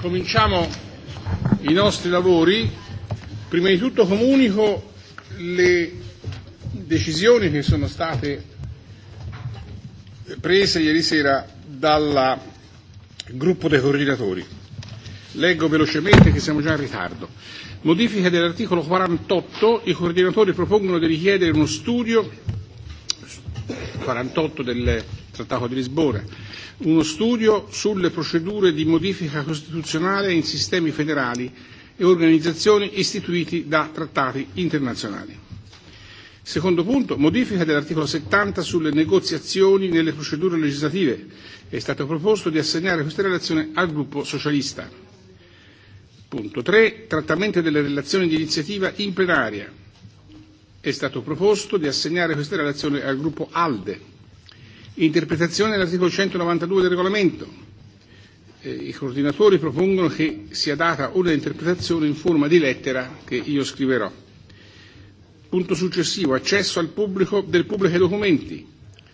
cominciamo i nostri lavori. Prima di tutto comunico le decisioni che sono state prese ieri sera dal gruppo dei coordinatori. Leggo velocemente che siamo già in ritardo. Modifica dell'articolo 48, i coordinatori propongono di richiedere uno studio 48 del Trattato di Lisbona, uno studio sulle procedure di modifica costituzionale in sistemi federali e organizzazioni istituiti da trattati internazionali. Secondo punto, modifica dell'articolo 70 sulle negoziazioni nelle procedure legislative. È stato proposto di assegnare questa relazione al gruppo socialista. Punto 3, trattamento delle relazioni di iniziativa in plenaria. È stato proposto di assegnare questa relazione al gruppo ALDE. Interpretazione dell'articolo 192 del regolamento. Eh, I coordinatori propongono che sia data una interpretazione in forma di lettera che io scriverò. Punto successivo. Accesso al pubblico del pubblico ai documenti.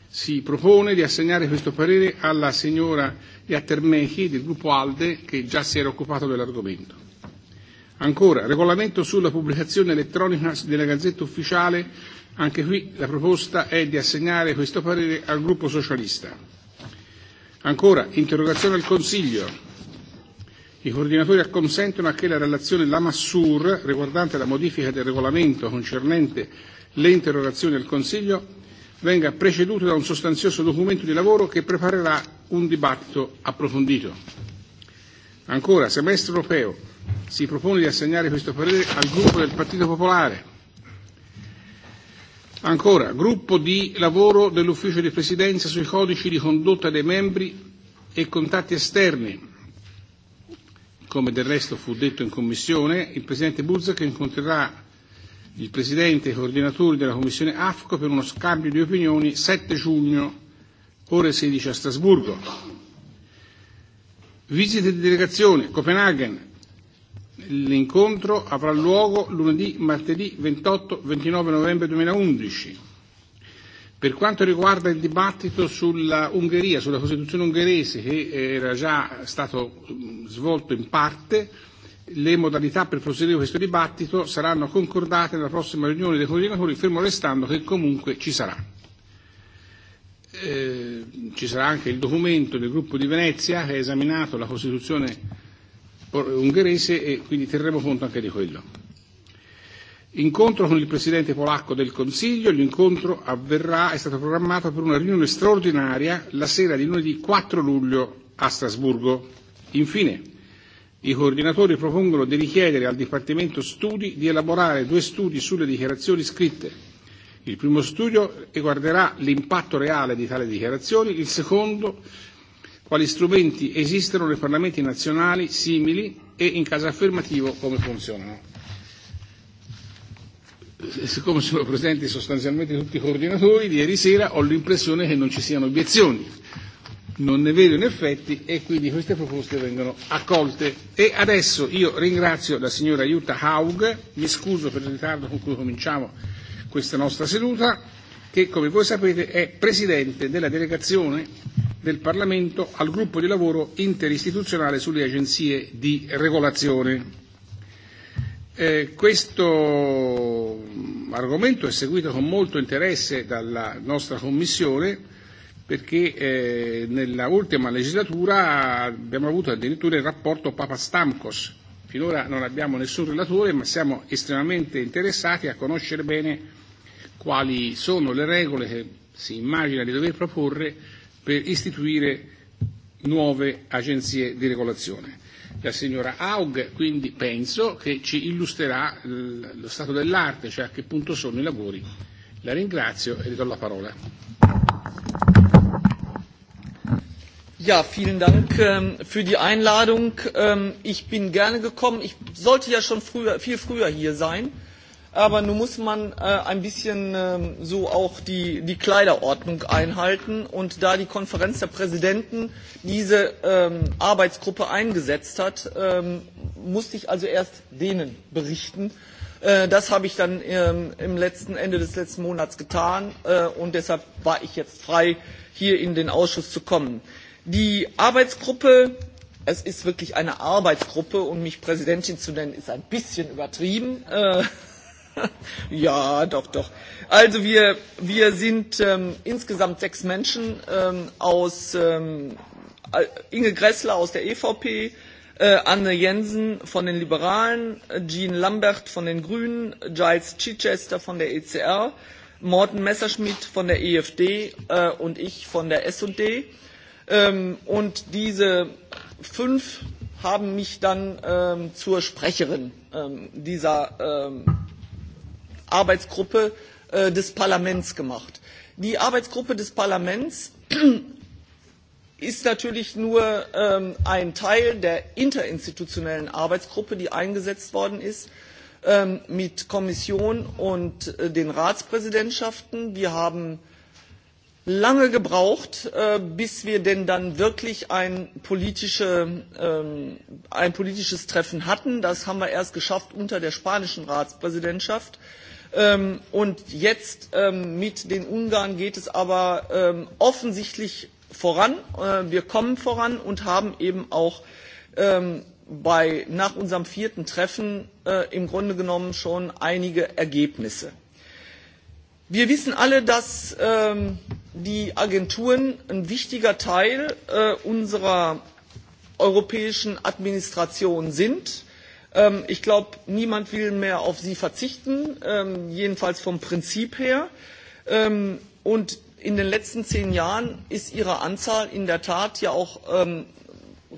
Si propone di assegnare questo parere alla signora Iattermechi del gruppo ALDE che già si era occupato dell'argomento. Ancora, regolamento sulla pubblicazione elettronica della Gazzetta Ufficiale Anche qui la proposta è di assegnare questo parere al gruppo socialista. Ancora, interrogazione al Consiglio. I coordinatori acconsentono a che la relazione Lamassur, riguardante la modifica del regolamento concernente le interrogazioni al Consiglio, venga preceduta da un sostanzioso documento di lavoro che preparerà un dibattito approfondito. Ancora, semestre europeo. Si propone di assegnare questo parere al gruppo del Partito Popolare Ancora, gruppo di lavoro dell'ufficio di presidenza sui codici di condotta dei membri e contatti esterni. Come del resto fu detto in commissione, il presidente Buzek incontrerà il presidente e i coordinatori della commissione AFCO per uno scambio di opinioni 7 giugno, ore 16 a Strasburgo. Visite di delegazione, Copenaghen, L'incontro avrà luogo lunedì, martedì 28, 29 novembre 2011. Per quanto riguarda il dibattito sulla Ungheria, sulla Costituzione ungherese, che era già stato svolto in parte, le modalità per proseguire questo dibattito saranno concordate nella prossima riunione dei coordinatori, fermo restando che comunque ci sarà. Eh, ci sarà anche il documento del gruppo di Venezia che ha esaminato la Costituzione ungherese e quindi terremo conto anche di quello. Incontro con il Presidente polacco del Consiglio, l'incontro avverrà, è stato programmato per una riunione straordinaria la sera di lunedì 4 luglio a Strasburgo. Infine, i coordinatori propongono di richiedere al Dipartimento Studi di elaborare due studi sulle dichiarazioni scritte. Il primo studio riguarderà l'impatto reale di tali dichiarazioni, il secondo quali strumenti esistono nei parlamenti nazionali simili e in caso affermativo come funzionano. E siccome sono presenti sostanzialmente tutti i coordinatori, di ieri sera ho l'impressione che non ci siano obiezioni. Non ne vedo in effetti e quindi queste proposte vengono accolte. E adesso io ringrazio la signora Jutta Haug, mi scuso per il ritardo con cui cominciamo questa nostra seduta, che come voi sapete è presidente della delegazione del Parlamento al gruppo di lavoro interistituzionale sulle agenzie di regolazione. Eh, questo argomento è seguito con molto interesse dalla nostra Commissione perché eh, nella ultima legislatura abbiamo avuto addirittura il rapporto Papa Stamkos. Finora non abbiamo nessun relatore ma siamo estremamente interessati a conoscere bene quali sono le regole che si immagina di dover proporre per istituire nuove agenzie di regolazione. La signora Haug quindi penso che ci illustrerà lo stato dell'arte, cioè a che punto sono i lavori. La ringrazio e le do la parola. Ja, vielen Dank ähm, für die Einladung. Ähm, ich bin gerne gekommen. Ich sollte ja schon früher, viel früher hier sein aber nun muss man äh, ein bisschen ähm, so auch die, die Kleiderordnung einhalten. Und da die Konferenz der Präsidenten diese ähm, Arbeitsgruppe eingesetzt hat, ähm, musste ich also erst denen berichten. Äh, das habe ich dann ähm, im letzten Ende des letzten Monats getan äh, und deshalb war ich jetzt frei, hier in den Ausschuss zu kommen. Die Arbeitsgruppe es ist wirklich eine Arbeitsgruppe und um mich Präsidentin zu nennen, ist ein bisschen übertrieben. Äh, ja, doch, doch. Also wir, wir sind ähm, insgesamt sechs Menschen ähm, aus ähm, Inge Gressler aus der EVP, äh, Anne Jensen von den Liberalen, Jean Lambert von den Grünen, Giles Chichester von der ECR, Morten Messerschmidt von der EFD äh, und ich von der S&D. Ähm, und diese fünf haben mich dann ähm, zur Sprecherin ähm, dieser ähm, Arbeitsgruppe äh, des Parlaments gemacht. Die Arbeitsgruppe des Parlaments ist natürlich nur ähm, ein Teil der interinstitutionellen Arbeitsgruppe, die eingesetzt worden ist ähm, mit Kommission und äh, den Ratspräsidentschaften. Wir haben lange gebraucht, äh, bis wir denn dann wirklich ähm, ein, politisches Treffen hatten. Das haben wir erst geschafft unter der spanischen Ratspräsidentschaft. Ähm, und jetzt ähm, mit den Ungarn geht es aber ähm, offensichtlich voran. Äh, wir kommen voran und haben eben auch nach unserem vierten Treffen äh, im Grunde genommen schon einige Ergebnisse. Wir wissen alle, dass die Agenturen ein wichtiger Teil äh, unserer europäischen Administration sind Ähm, ich glaube, niemand will mehr auf sie verzichten, ähm, jedenfalls vom Prinzip her. Ähm, und in den letzten zehn Jahren ist ihre Anzahl in der Tat ja auch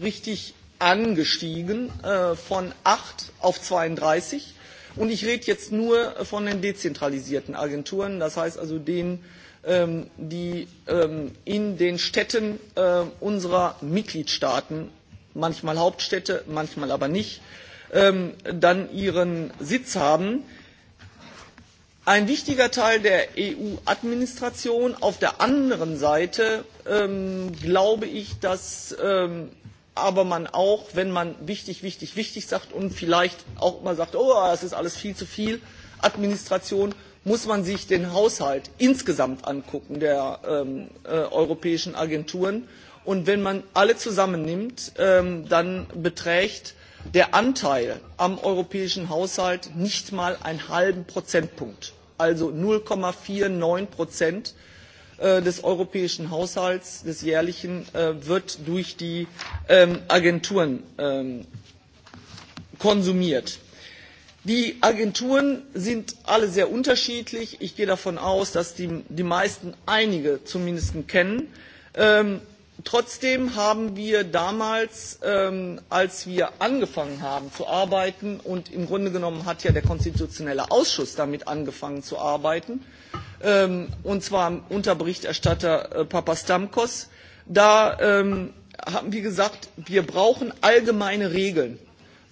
richtig angestiegen äh, von 8 auf 32. Und ich rede jetzt nur von den dezentralisierten Agenturen, das heißt also denen, die in den Städten äh, unserer Mitgliedstaaten, manchmal Hauptstädte, manchmal aber nicht, Ähm, dann ihren Sitz haben. Ein wichtiger Teil der EU-Administration. Auf der anderen Seite ähm, glaube ich, dass ähm, aber man auch, wenn man wichtig, wichtig, wichtig sagt und vielleicht auch mal sagt, oh, das ist alles viel zu viel, Administration, muss man sich den Haushalt insgesamt angucken der ähm, äh, europäischen Agenturen. Und wenn man alle zusammennimmt, ähm, dann beträgt der Anteil am europäischen Haushalt nicht mal einen halben Prozentpunkt, also null neunundvierzig äh, des europäischen Haushalts, des jährlichen, äh, wird durch die ähm, Agenturen ähm, konsumiert. Die Agenturen sind alle sehr unterschiedlich. Ich gehe davon aus, dass die meisten einige zumindest kennen. Ähm, trotzdem haben wir damals ähm, als wir angefangen haben zu arbeiten und im grunde genommen hat ja der konstitutionelle ausschuss damit angefangen zu arbeiten ähm, und zwar unter berichterstatter äh, papastamkos da ähm, haben wir gesagt wir brauchen allgemeine regeln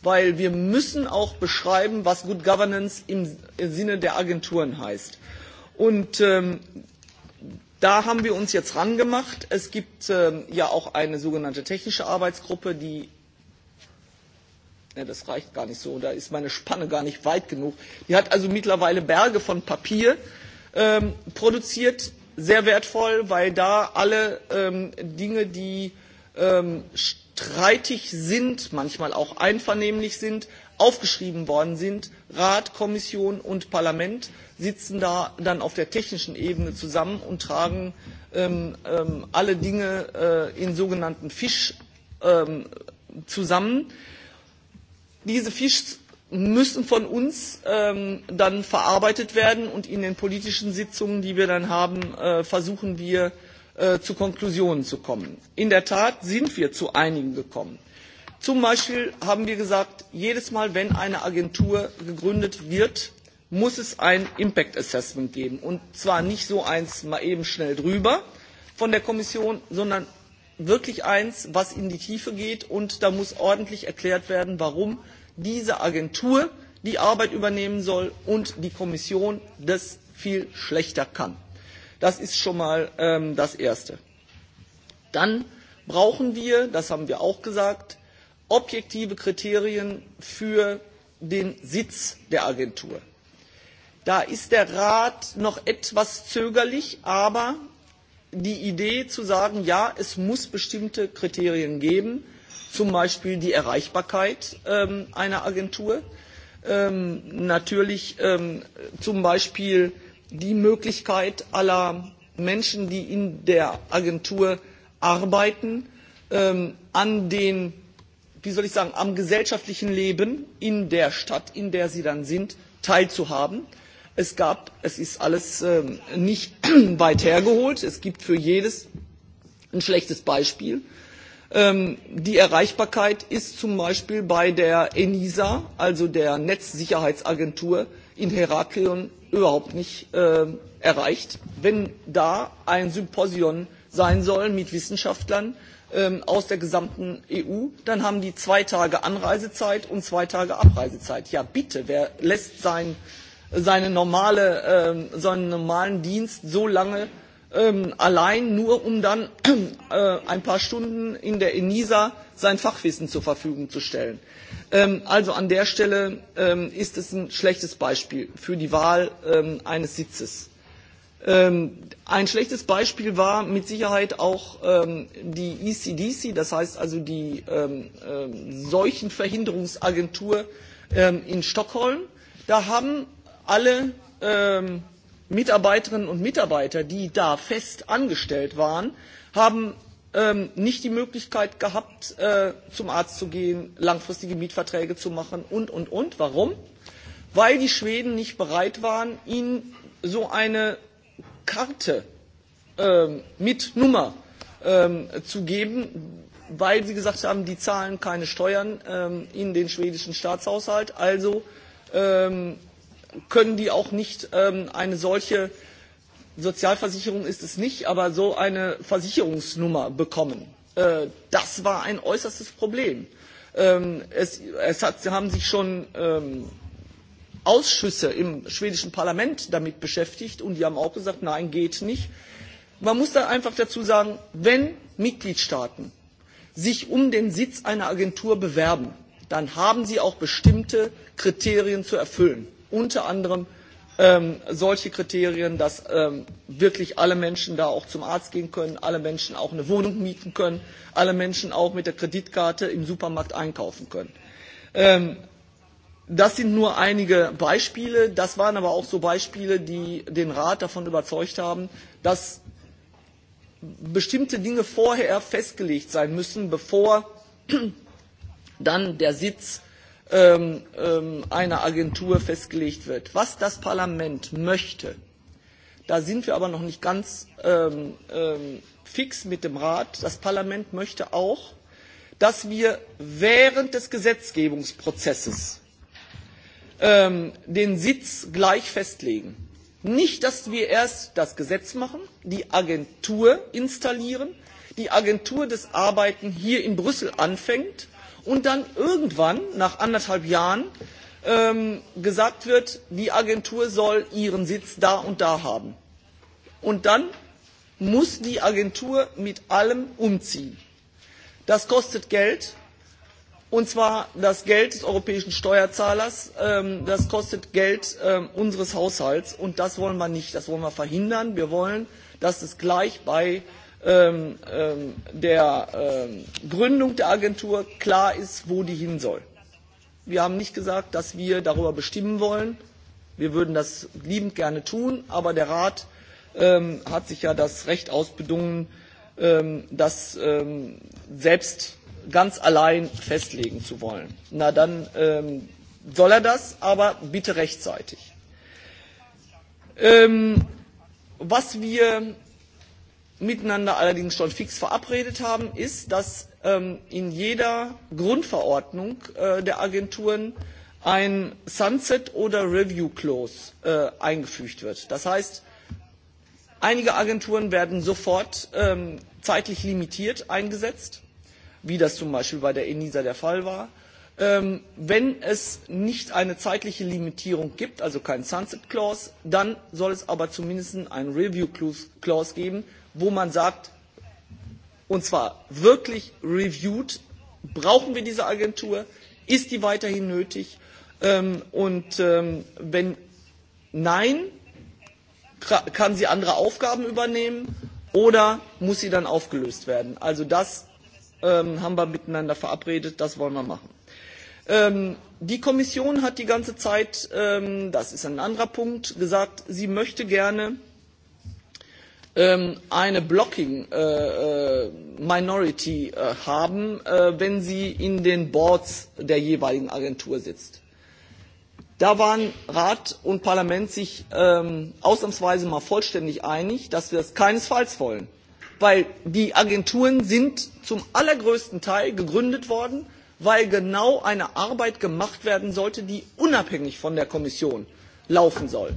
weil wir müssen auch beschreiben was good governance im sinne der agenturen heißt. und Da haben wir uns jetzt rangemacht. Es gibt ähm, ja auch eine sogenannte technische Arbeitsgruppe, die ja, das reicht gar nicht so, da ist meine Spanne gar nicht weit genug. Die hat also mittlerweile Berge von Papier ähm, produziert, sehr wertvoll, weil da alle ähm, Dinge, die ähm, streitig sind, manchmal auch einvernehmlich sind, aufgeschrieben worden sind. Rat, Kommission und Parlament sitzen da dann auf der technischen Ebene zusammen und tragen ähm, ähm, alle Dinge äh, in sogenannten Fisch ähm, zusammen. Diese Fischs müssen von uns dann verarbeitet werden und in den politischen Sitzungen, die wir dann haben, äh, versuchen wir äh, zu Konklusionen zu kommen. In der Tat sind wir zu einigen gekommen zum beispiel haben wir gesagt jedes mal wenn eine agentur gegründet wird muss es ein impact assessment geben und zwar nicht so eins mal eben schnell drüber von der kommission sondern wirklich eins was in die tiefe geht und da muss ordentlich erklärt werden warum diese agentur die arbeit übernehmen soll und die kommission das viel schlechter kann. das ist schon mal ähm, das erste. dann brauchen wir das haben wir auch gesagt objektive Kriterien für den Sitz der Agentur. Da ist der Rat noch etwas zögerlich, aber die Idee zu sagen, ja, es muss bestimmte Kriterien geben, zum Beispiel die Erreichbarkeit ähm, einer Agentur, ähm, natürlich ähm, zum Beispiel die Möglichkeit aller Menschen, die in der Agentur arbeiten, ähm, an den wie soll ich sagen, am gesellschaftlichen Leben in der Stadt, in der sie dann sind, teilzuhaben. Es gab, es ist alles ähm, nicht weit hergeholt. Es gibt für jedes ein schlechtes Beispiel. Ähm, die Erreichbarkeit ist zum Beispiel bei der ENISA, also der Netzsicherheitsagentur in Heraklion, überhaupt nicht äh, erreicht. Wenn da ein Symposion sein soll mit Wissenschaftlern, Ähm, aus der gesamten EU, dann haben die zwei Tage Anreisezeit und zwei Tage Abreisezeit. Ja bitte, wer lässt sein, seine normale, ähm, seinen normalen Dienst so lange ähm, allein, nur um dann äh, ein paar Stunden in der ENISA sein Fachwissen zur Verfügung zu stellen? Also an der Stelle ist es ein schlechtes Beispiel für die Wahl eines Sitzes Ähm, ein schlechtes Beispiel war mit Sicherheit auch ähm, die ECDC, das heißt also die ähm, Seuchenverhinderungsagentur in Stockholm. Da haben alle Mitarbeiterinnen und Mitarbeiter, die da fest angestellt waren, haben nicht die Möglichkeit gehabt, äh, zum Arzt zu gehen, langfristige Mietverträge zu machen und, und, und. Warum? Weil die Schweden nicht bereit waren, ihnen so eine Karte ähm, mit Nummer ähm, zu geben, weil sie gesagt haben, die zahlen keine Steuern ähm, in den schwedischen Staatshaushalt, also ähm, können die auch nicht ähm, eine solche Sozialversicherung ist es nicht, aber so eine Versicherungsnummer bekommen. Äh, das war ein äußerstes Problem. Ähm, es, es hat, haben sich schon ähm, Ausschüsse im schwedischen Parlament damit beschäftigt und die haben auch gesagt, nein, geht nicht. Man muss da einfach dazu sagen, wenn Mitgliedstaaten sich um den Sitz einer Agentur bewerben, dann haben sie auch bestimmte Kriterien zu erfüllen. Unter anderem ähm, solche Kriterien, dass ähm, wirklich alle Menschen da auch zum Arzt gehen können, alle Menschen auch eine Wohnung mieten können, alle Menschen auch mit der Kreditkarte im Supermarkt einkaufen können. Ähm, Das sind nur einige Beispiele. Das waren aber auch so Beispiele, die den Rat davon überzeugt haben, dass bestimmte Dinge vorher festgelegt sein müssen, bevor dann der Sitz ähm, ähm, einer Agentur festgelegt wird. Was das Parlament möchte, da sind wir aber noch nicht ganz ähm, ähm, fix mit dem Rat. Das Parlament möchte auch, dass wir während des Gesetzgebungsprozesses Ähm, den Sitz gleich festlegen. Nicht, dass wir erst das Gesetz machen, die Agentur installieren, die Agentur das Arbeiten hier in Brüssel anfängt und dann irgendwann nach anderthalb Jahren ähm, gesagt wird, die Agentur soll ihren Sitz da und da haben. Und dann muss die Agentur mit allem umziehen. Das kostet Geld, und zwar das geld des europäischen steuerzahlers ähm, das kostet geld ähm, unseres haushalts und das wollen wir nicht das wollen wir verhindern. wir wollen dass es gleich bei ähm, der gründung der agentur klar ist wo die hin soll. wir haben nicht gesagt dass wir darüber bestimmen wollen wir würden das liebend gerne tun aber der rat hat sich ja das recht ausbedungen das selbst ganz allein festlegen zu wollen. Na dann ähm, soll er das, aber bitte rechtzeitig. Ähm, was wir miteinander allerdings schon fix verabredet haben, ist, dass ähm, in jeder Grundverordnung äh, der Agenturen ein Sunset oder Review Clause äh, eingefügt wird. Das heißt, einige Agenturen werden sofort ähm, zeitlich limitiert eingesetzt wie das zum Beispiel bei der ENISA der Fall war. Ähm, wenn es nicht eine zeitliche Limitierung gibt, also kein Sunset Clause, dann soll es aber zumindest einen Review Clause geben, wo man sagt, und zwar wirklich reviewed, brauchen wir diese Agentur, ist die weiterhin nötig ähm, und ähm, wenn nein, kann sie andere Aufgaben übernehmen oder muss sie dann aufgelöst werden? Also das Ähm, haben wir miteinander verabredet, das wollen wir machen. Ähm, die Kommission hat die ganze Zeit, ähm, das ist ein anderer Punkt, gesagt, sie möchte gerne eine Blocking äh, äh, Minority äh, haben, wenn sie in den Boards der jeweiligen Agentur sitzt. Da waren Rat und Parlament sich ausnahmsweise mal vollständig einig, dass wir das keinesfalls wollen denn die Agenturen sind zum allergrößten Teil gegründet worden, weil genau eine Arbeit gemacht werden sollte, die unabhängig von der Kommission laufen soll.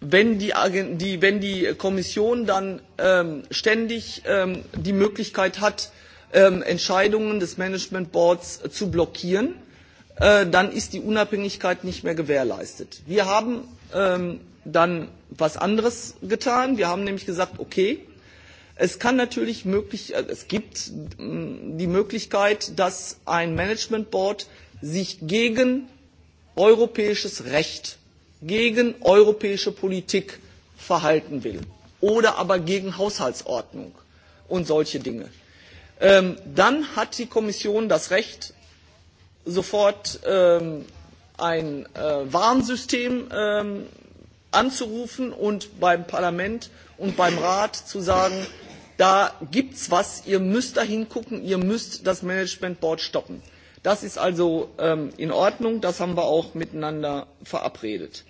wenn die, Kommission dann ähm, ständig ähm, die Möglichkeit hat, ähm, Entscheidungen des Management Boards zu blockieren, äh, dann ist die Unabhängigkeit nicht mehr gewährleistet. Wir haben dann was anderes getan. Wir haben nämlich gesagt, okay, es kann natürlich möglich, äh, es gibt mm, die Möglichkeit, dass ein Management Board sich gegen europäisches Recht, gegen europäische Politik verhalten will oder aber gegen Haushaltsordnung und solche Dinge. Ähm, dann hat die Kommission das Recht, sofort ähm, ein äh, Warnsystem ähm, anzurufen und beim Parlament und beim Rat zu sagen, da gibt es was, ihr müsst da hingucken, ihr müsst das Management Board stoppen. Das ist also ähm, in Ordnung, das haben wir auch miteinander verabredet.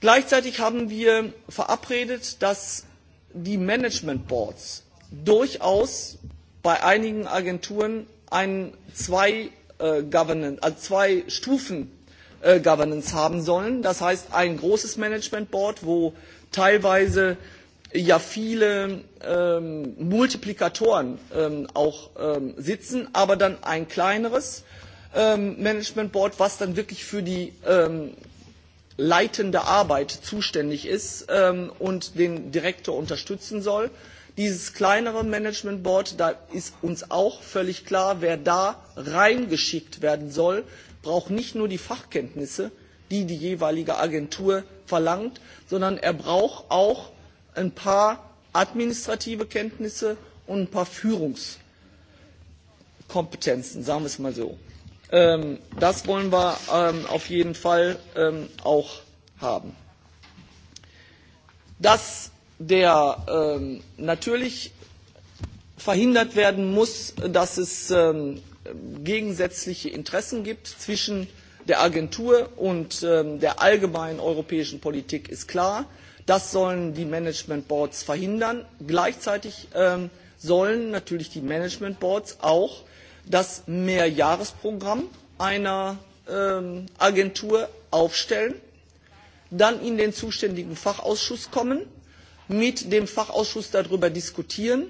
Gleichzeitig haben wir verabredet, dass die Management Boards durchaus bei einigen Agenturen ein zwei, äh, Governance, also zwei Stufen Äh, Governance haben sollen. Das heißt, ein großes Management Board, wo teilweise ja viele ähm, Multiplikatoren ähm, auch ähm, sitzen, aber dann ein kleineres ähm, Management Board, was dann wirklich für die ähm, leitende Arbeit zuständig ist ähm, und den Direktor unterstützen soll. Dieses kleinere Management Board, da ist uns auch völlig klar, wer da reingeschickt werden soll, braucht nicht nur die fachkenntnisse die die jeweilige agentur verlangt sondern er braucht auch ein paar administrative kenntnisse und ein paar führungskompetenzen sagen wir es mal so. Ähm, das wollen wir ähm, auf jeden fall ähm, auch haben. dass der, natürlich verhindert werden muss dass es gegensätzliche Interessen gibt zwischen der Agentur und ähm, der allgemeinen europäischen Politik ist klar. Das sollen die Management Boards verhindern. Gleichzeitig ähm, sollen natürlich die Management Boards auch das Mehrjahresprogramm einer ähm, Agentur aufstellen, dann in den zuständigen Fachausschuss kommen, mit dem Fachausschuss darüber diskutieren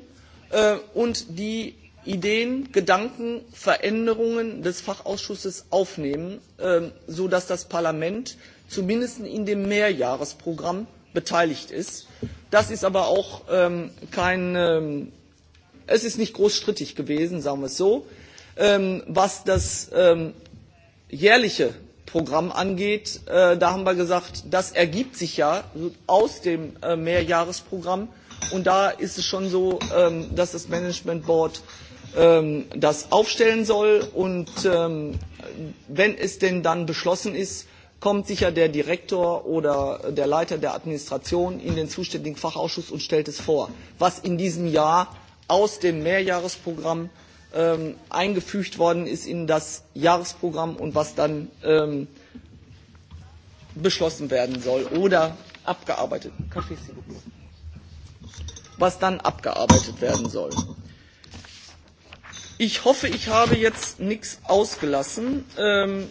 äh, und die Ideen, Gedanken, Veränderungen des Fachausschusses aufnehmen, ähm, sodass das Parlament zumindest in dem Mehrjahresprogramm beteiligt ist. Das ist aber auch ähm, kein, ähm, es ist nicht großstrittig gewesen, sagen wir es so. Was das jährliche Programm angeht, äh, da haben wir gesagt, das ergibt sich ja aus dem äh, Mehrjahresprogramm. Und da ist es schon so, dass das Management Board Ähm, das aufstellen soll. Und ähm, wenn es denn dann beschlossen ist, kommt sicher der Direktor oder der Leiter der Administration in den zuständigen Fachausschuss und stellt es vor, was in diesem Jahr aus dem Mehrjahresprogramm ähm, eingefügt worden ist in das Jahresprogramm und was dann ähm, beschlossen werden soll oder abgearbeitet, was dann abgearbeitet werden soll. Ich hoffe, ich habe jetzt nichts ausgelassen. Ähm,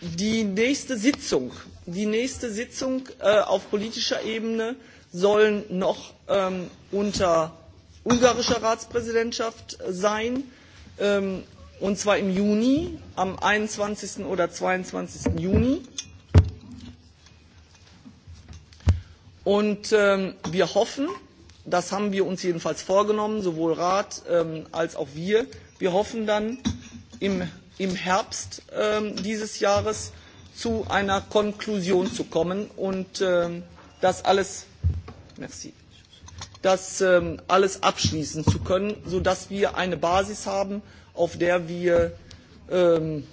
die nächste Sitzung, die nächste Sitzung äh, auf politischer Ebene soll noch ähm, unter ungarischer Ratspräsidentschaft sein, ähm, und zwar im Juni, am 21. oder 22. Juni. Und ähm, wir hoffen, Das haben wir uns jedenfalls vorgenommen, sowohl Rat ähm, als auch wir. Wir hoffen dann im, im Herbst ähm, dieses Jahres zu einer Konklusion zu kommen und ähm, das alles, merci, das ähm, alles abschließen zu können, sodass wir eine Basis haben, auf der wir ähm,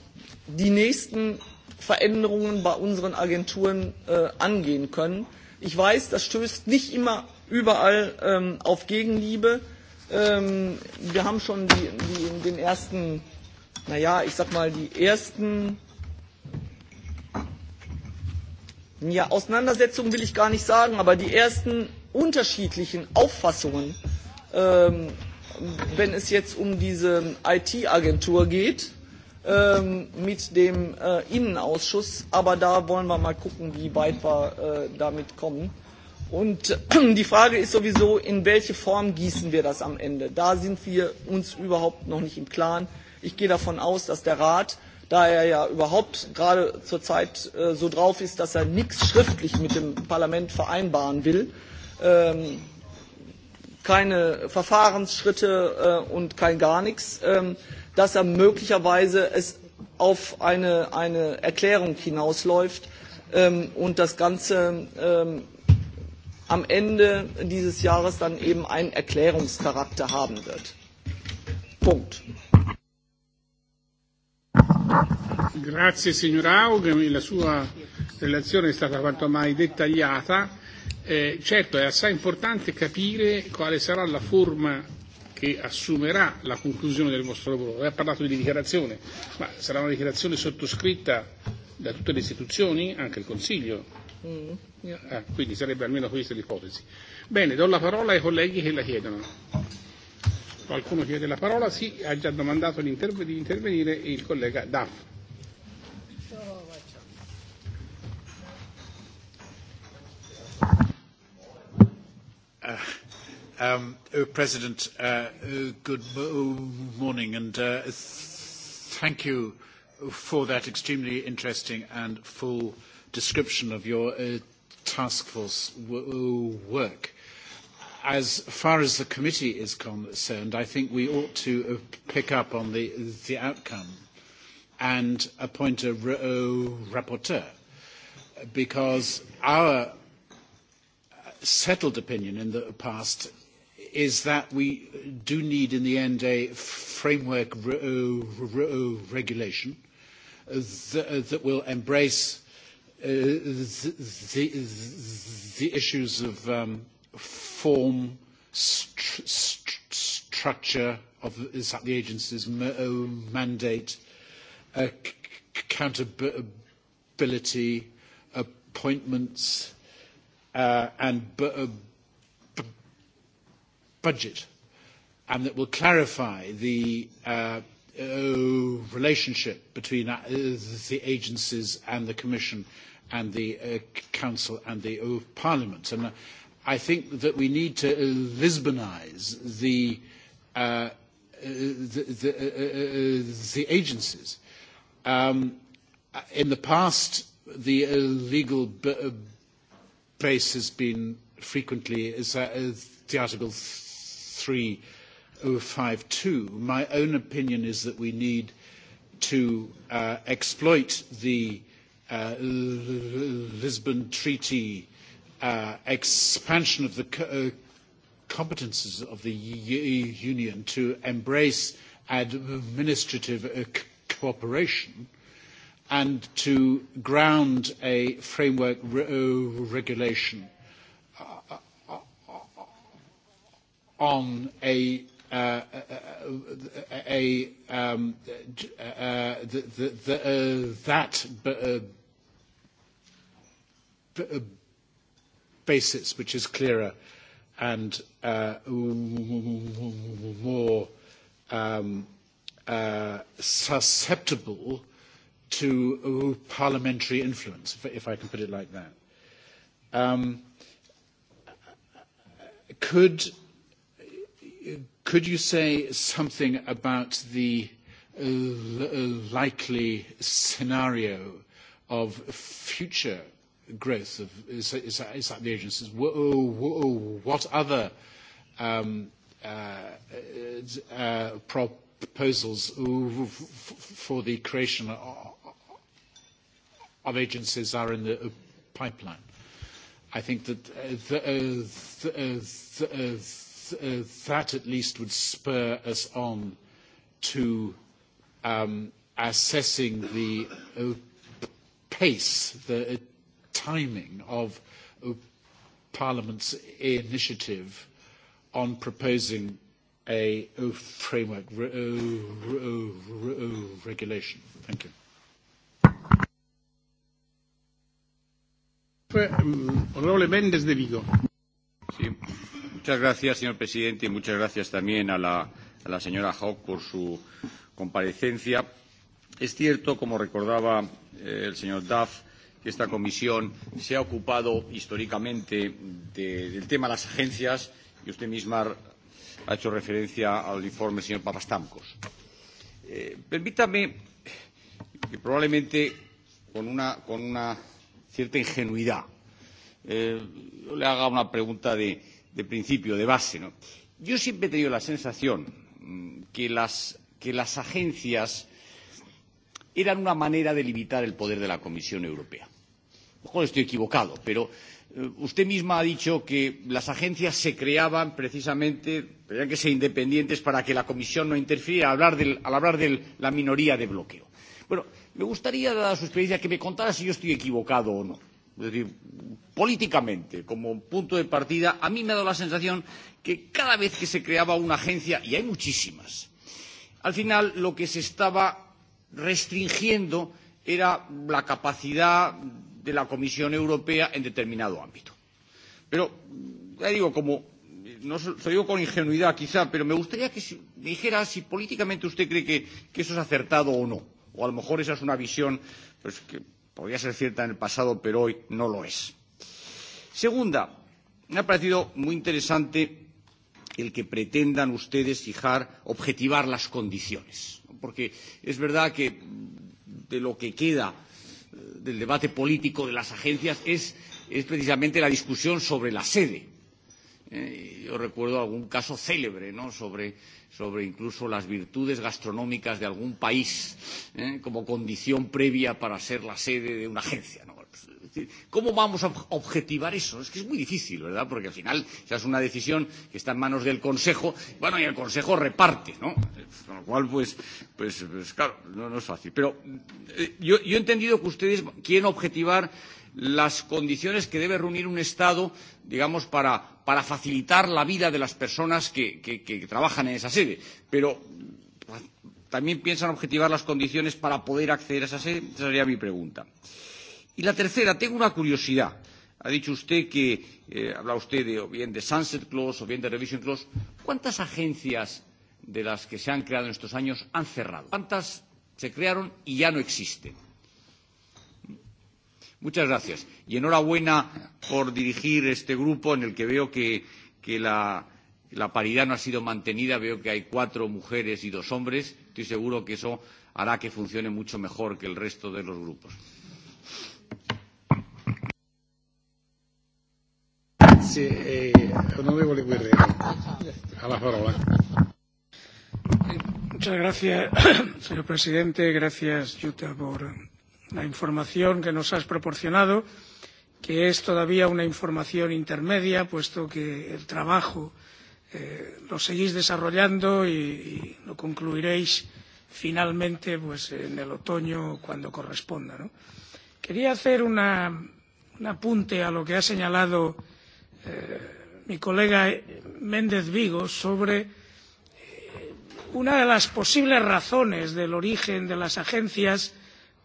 die nächsten Veränderungen bei unseren Agenturen äh, angehen können. Ich weiß, das stößt nicht immer überall ähm, auf Gegenliebe. Ähm, wir haben schon die, die, den ersten, naja, ich sag mal, die ersten ja, Auseinandersetzungen will ich gar nicht sagen, aber die ersten unterschiedlichen Auffassungen, ähm, wenn es jetzt um diese IT-Agentur geht, ähm, mit dem äh, Innenausschuss. Aber da wollen wir mal gucken, wie weit wir äh, damit kommen. Und die Frage ist sowieso, in welche Form gießen wir das am Ende? Da sind wir uns überhaupt noch nicht im Klaren. Ich gehe davon aus, dass der Rat, da er ja überhaupt gerade zurzeit äh, so drauf ist, dass er nichts schriftlich mit dem Parlament vereinbaren will, ähm, keine Verfahrensschritte äh, und kein gar nichts, ähm, dass er möglicherweise es auf eine, eine Erklärung hinausläuft ähm, und das Ganze am Ende dieses Jahres dann eben einen Erklärungscharakter haben wird. Punkt. Grazie signor Haug, la sua relazione è stata quanto mai dettagliata. Eh, certo è assai importante capire quale sarà la forma che assumerà la conclusione del vostro lavoro. Lei ha parlato di dichiarazione, ma sarà una dichiarazione sottoscritta da tutte le istituzioni, anche il Consiglio, Mm. Eh, quindi sarebbe almeno questa l'ipotesi. Bene, do la parola ai colleghi che la chiedono. Qualcuno chiede la parola? Sì, ha già domandato di intervenire il collega Daff. Uh, um, oh, President, uh, oh, good m- oh, morning, and uh, th- thank you for that extremely interesting and full uh, description of your uh, task force work. As far as the committee is concerned, I think we ought to uh, pick up on the, the outcome and appoint a re- oh, rapporteur because our settled opinion in the past is that we do need in the end a framework re- oh, regulation that, that will embrace Uh, the, the issues of um, form, st st structure of the agency's uh, mandate, uh, accountability, appointments, uh, and bu uh, budget, and that will clarify the relationship between the agencies and the Commission and the uh, Council and the uh, Parliament. And uh, I think that we need to uh, Lisbonize the, uh, uh the, the, the agencies. Um, in the past, the legal base has been frequently is the Article 3052. My own opinion is that we need to exploit the Uh, Lisbon Treaty uh, expansion of the co uh, competences of the Union to embrace administrative uh, cooperation and to ground a framework re regulation on a uh, a, a um, uh, the, the, the, uh, that Uh, basis which is clearer and uh, more um, uh, susceptible to parliamentary influence, if I can put it like that. Um, could could you say something about the uh, likely scenario of future growth of ISAC agencies? What other um, uh, uh, proposals for the creation of agencies are in the uh, pipeline? I think that uh, uh, that at least would spur us on to um, assessing the pace, the timing of Parliament's initiative on proposing a framework regulation? Thank you. Mm, Honorable Méndez de Vigo. Sí. Muchas gracias, señor presidente, y muchas gracias también a la, a la señora Hawk por su comparecencia. Es cierto, como recordaba eh, el señor Duff, que esta comisión se ha ocupado históricamente de, del tema de las agencias y usted misma ha hecho referencia al informe del señor Papastamkos. Eh, permítame que probablemente con una, con una cierta ingenuidad eh, yo le haga una pregunta de, de principio, de base. ¿no? Yo siempre he tenido la sensación mm, que las, que las agencias eran una manera de limitar el poder de la Comisión Europea. A lo mejor estoy equivocado, pero eh, usted misma ha dicho que las agencias se creaban precisamente, tenían que ser independientes para que la Comisión no interfiera al hablar del, al hablar de la minoría de bloqueo. Bueno, me gustaría, dada su experiencia, que me contara si yo estoy equivocado o no. Es decir, políticamente, como punto de partida, a mí me ha dado la sensación que cada vez que se creaba una agencia, y hay muchísimas, al final lo que se estaba restringiendo era la capacidad de la Comisión Europea en determinado ámbito. Pero, ya digo, como no soy yo con ingenuidad quizá, pero me gustaría que si, me dijera si políticamente usted cree que, que eso es acertado o no. O a lo mejor esa es una visión pues, que podría ser cierta en el pasado, pero hoy no lo es. Segunda, me ha parecido muy interesante el que pretendan ustedes fijar, objetivar las condiciones porque es verdad que de lo que queda eh, del debate político de las agencias es, es precisamente la discusión sobre la sede. Eh, yo recuerdo algún caso célebre ¿no? sobre eh, sobre incluso las virtudes gastronómicas de algún país ¿eh? como condición previa para ser la sede de una agencia. ¿no? ¿Cómo vamos a objetivar eso? Es que es muy difícil, ¿verdad? Porque al final ya es una decisión que está en manos del Consejo, bueno, y el Consejo reparte, ¿no? Con lo cual, pues, pues, pues claro, no, no es fácil. Pero eh, yo, yo he entendido que ustedes quieren objetivar las condiciones que debe reunir un Estado, digamos, para, para facilitar la vida de las personas que, que, que trabajan en esa sede. Pero también piensan objetivar las condiciones para poder acceder a esa sede. Esa sería mi pregunta. Y la tercera, tengo una curiosidad. Ha dicho usted que, eh, habla usted de, o bien de Sunset Clause o bien de Revision Clause. ¿Cuántas agencias de las que se han creado en estos años han cerrado? ¿Cuántas se crearon y ya no existen? Muchas gracias. Y enhorabuena por dirigir este grupo en el que veo que, que la, la paridad no ha sido mantenida. Veo que hay cuatro mujeres y dos hombres. Estoy seguro que eso hará que funcione mucho mejor que el resto de los grupos. Grazie, eh, onorevole Guerrero. A la parola. Muchas gracias, señor presidente. Gracias, Jutta, por la información que nos has proporcionado que es todavía una información intermedia puesto que el trabajo eh, lo seguís desarrollando y, y lo concluiréis finalmente pues, en el otoño cuando corresponda. ¿no? Quería hacer una, un apunte a lo que ha señalado eh, mi colega Méndez Vigo sobre eh, una de las posibles razones del origen de las agencias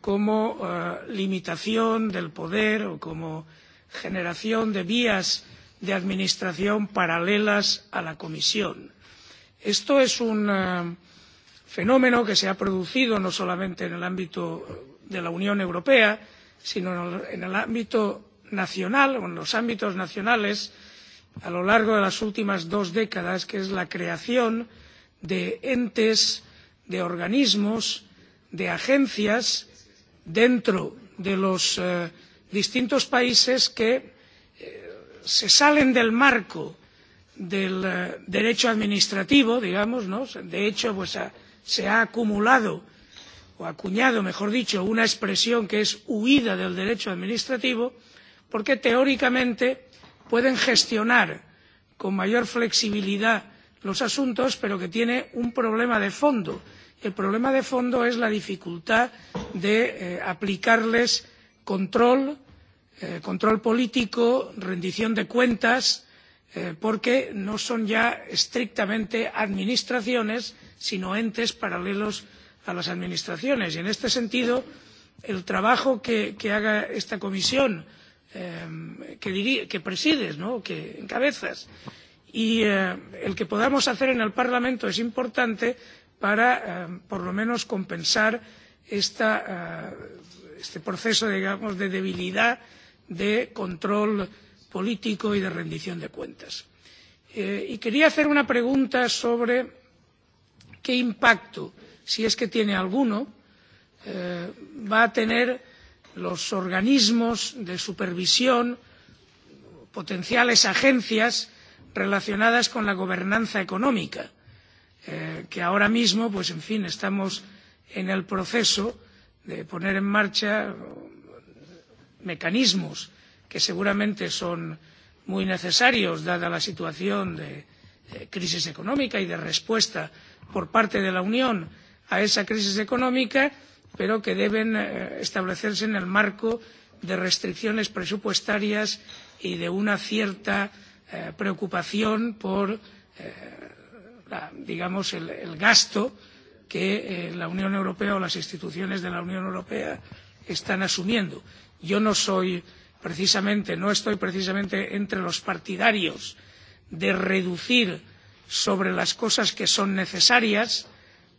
como eh, limitación del poder o como generación de vías de administración paralelas a la comisión. esto es un eh, fenómeno que se ha producido no solamente en el ámbito de la unión europea sino en el ámbito nacional o en los ámbitos nacionales a lo largo de las últimas dos décadas que es la creación de entes de organismos de agencias dentro de los eh, distintos países que eh, se salen del marco del eh, derecho administrativo digamos ¿no? de hecho pues, se ha acumulado o acuñado mejor dicho una expresión que es huida del derecho administrativo porque teóricamente pueden gestionar con mayor flexibilidad los asuntos pero que tiene un problema de fondo el problema de fondo es la dificultad de eh, aplicarles control eh, control político rendición de cuentas eh, porque no son ya estrictamente administraciones sino entes paralelos a las administraciones y en este sentido el trabajo que, que haga esta comisión que, diri, que presides ¿no? que encabezas y el que podamos hacer en el parlamento es importante para eh, por lo menos compensar eh, este proceso digamos, de debilidad de control político y de rendición de cuentas. Eh, y quería hacer una pregunta sobre qué impacto si es que tiene alguno van a tener los organismos de supervisión potenciales agencias relacionadas con la gobernanza económica Eh, que ahora mismo pues en fin estamos en el proceso de poner en marcha eh, mecanismos que seguramente son muy necesarios dada la situación de, crisis económica y de respuesta por parte de la unión a esa crisis económica pero que deben eh, establecerse en el marco de restricciones presupuestarias y de una cierta preocupación por digamos el, el gasto que eh, la Unión Europea o las instituciones de la Unión Europea están asumiendo. Yo no soy precisamente, no estoy precisamente entre los partidarios de reducir sobre las cosas que son necesarias,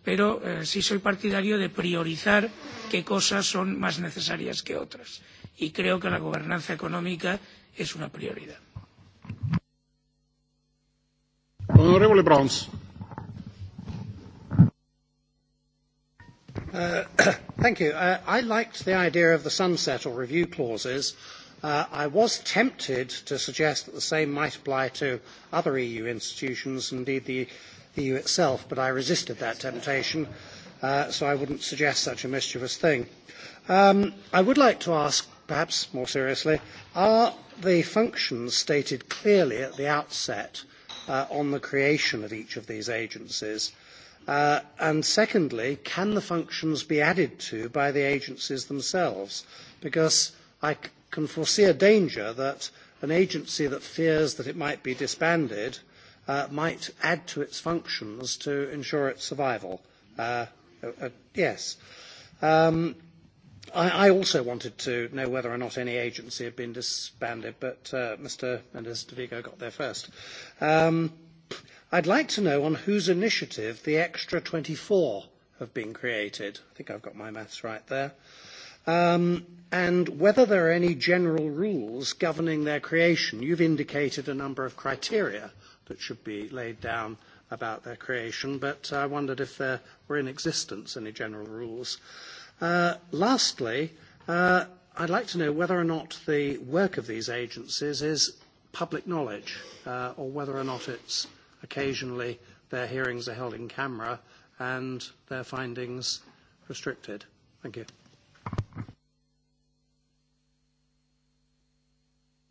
pero eh, sí soy partidario de priorizar qué cosas son más necesarias que otras. Y creo que la gobernanza económica es una prioridad. Onorevole Brons. Uh, thank you. Uh, I liked the idea of the sunset or review clauses. Uh, I was tempted to suggest that the same might apply to other EU institutions, indeed the EU itself, but I resisted that temptation, uh, so I wouldn't suggest such a mischievous thing. Um, I would like to ask, perhaps more seriously, are the functions stated clearly at the outset uh, on the creation of each of these agencies? Uh, and secondly, can the functions be added to by the agencies themselves? Because I can foresee a danger that an agency that fears that it might be disbanded uh, might add to its functions to ensure its survival. Uh, uh, uh yes. Um, I, I also wanted to know whether or not any agency had been disbanded, but uh, Mr. Mendes de Vigo got there first. Um, I'd like to know on whose initiative the extra 24 have been created. I think I've got my maths right there. Um, and whether there are any general rules governing their creation. You've indicated a number of criteria that should be laid down about their creation, but I wondered if there were in existence any general rules. Uh, lastly, uh, I'd like to know whether or not the work of these agencies is public knowledge uh, or whether or not it's occasionally their hearings are held in camera and their findings restricted. Thank you.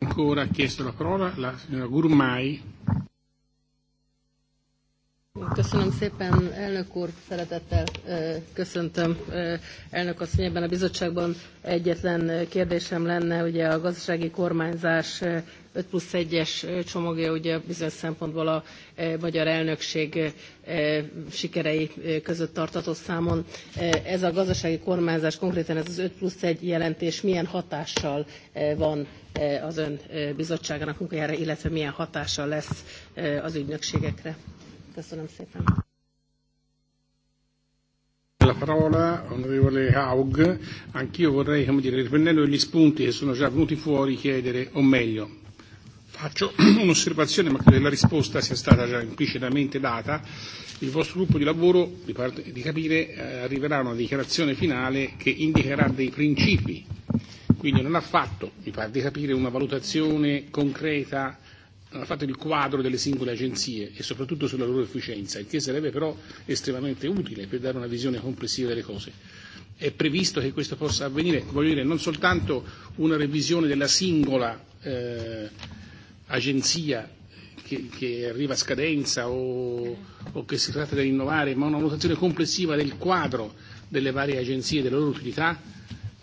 Ancora chiesto la parola la signora Gurmai. Köszönöm szépen, elnök úr, szeretettel köszöntöm elnök asszony ebben a bizottságban. Egyetlen kérdésem lenne, ugye a gazdasági kormányzás 5 plusz 1-es csomagja ugye bizonyos szempontból a magyar elnökség sikerei között tartató számon. Ez a gazdasági kormányzás, konkrétan ez az 5 plusz 1 jelentés milyen hatással van az ön bizottságának munkájára, illetve milyen hatással lesz az ügynökségekre? Köszönöm szépen. La parola, onorevole Haug, anch'io vorrei, come dire, riprendendo gli spunti che sono già venuti fuori, chiedere, o meglio, faccio un'osservazione, ma credo che la risposta sia stata già implicitamente data. Il vostro gruppo di lavoro, di, parte, di capire, eh, arriverà a una dichiarazione finale che indicherà dei principi, quindi non ha fatto, mi pare di capire, una valutazione concreta hanno fatto il quadro delle singole agenzie e soprattutto sulla loro efficienza, il che sarebbe però estremamente utile per dare una visione complessiva delle cose. È previsto che questo possa avvenire, voglio dire, non soltanto una revisione della singola eh, agenzia che, che arriva a scadenza o, o che si tratta di rinnovare, ma una valutazione complessiva del quadro delle varie agenzie e della loro utilità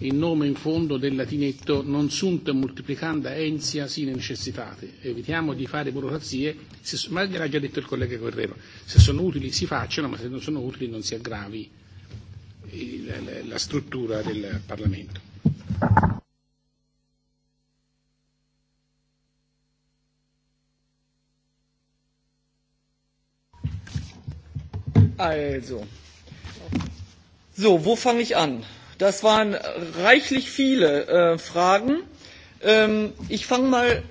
in nome in fondo del latinetto non sunt multiplicanda ensia sine necessitate. Evitiamo di fare burocrazie, se, ma l'ha già detto il collega Guerrero, se sono utili si facciano, ma se non sono utili non si aggravi il, la struttura del Parlamento. Also, so, wo fange ich an? Das waren reichlich viele äh, Fragen. Ähm, ich fange mal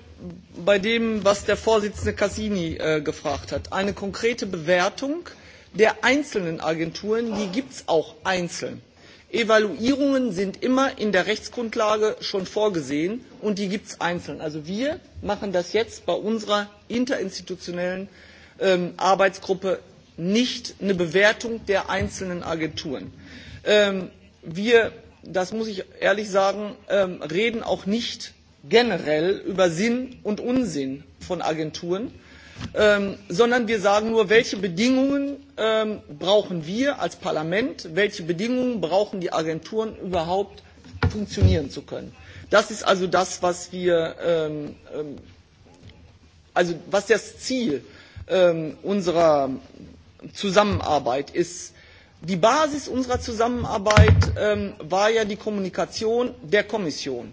bei dem, was der Vorsitzende Cassini äh, gefragt hat. Eine konkrete Bewertung der einzelnen Agenturen, die gibt es auch einzeln. Evaluierungen sind immer in der Rechtsgrundlage schon vorgesehen und die gibt es einzeln. Also wir machen das jetzt bei unserer interinstitutionellen ähm, Arbeitsgruppe nicht eine Bewertung der einzelnen Agenturen. Ähm, wir das muss ich ehrlich sagen ähm, reden auch nicht generell über sinn und unsinn von agenturen ähm, sondern wir sagen nur welche bedingungen ähm, brauchen wir als parlament welche bedingungen brauchen die agenturen um überhaupt funktionieren zu können? das ist also das was das ziel unserer zusammenarbeit ist die basis unserer zusammenarbeit ähm, war ja die kommunikation der kommission.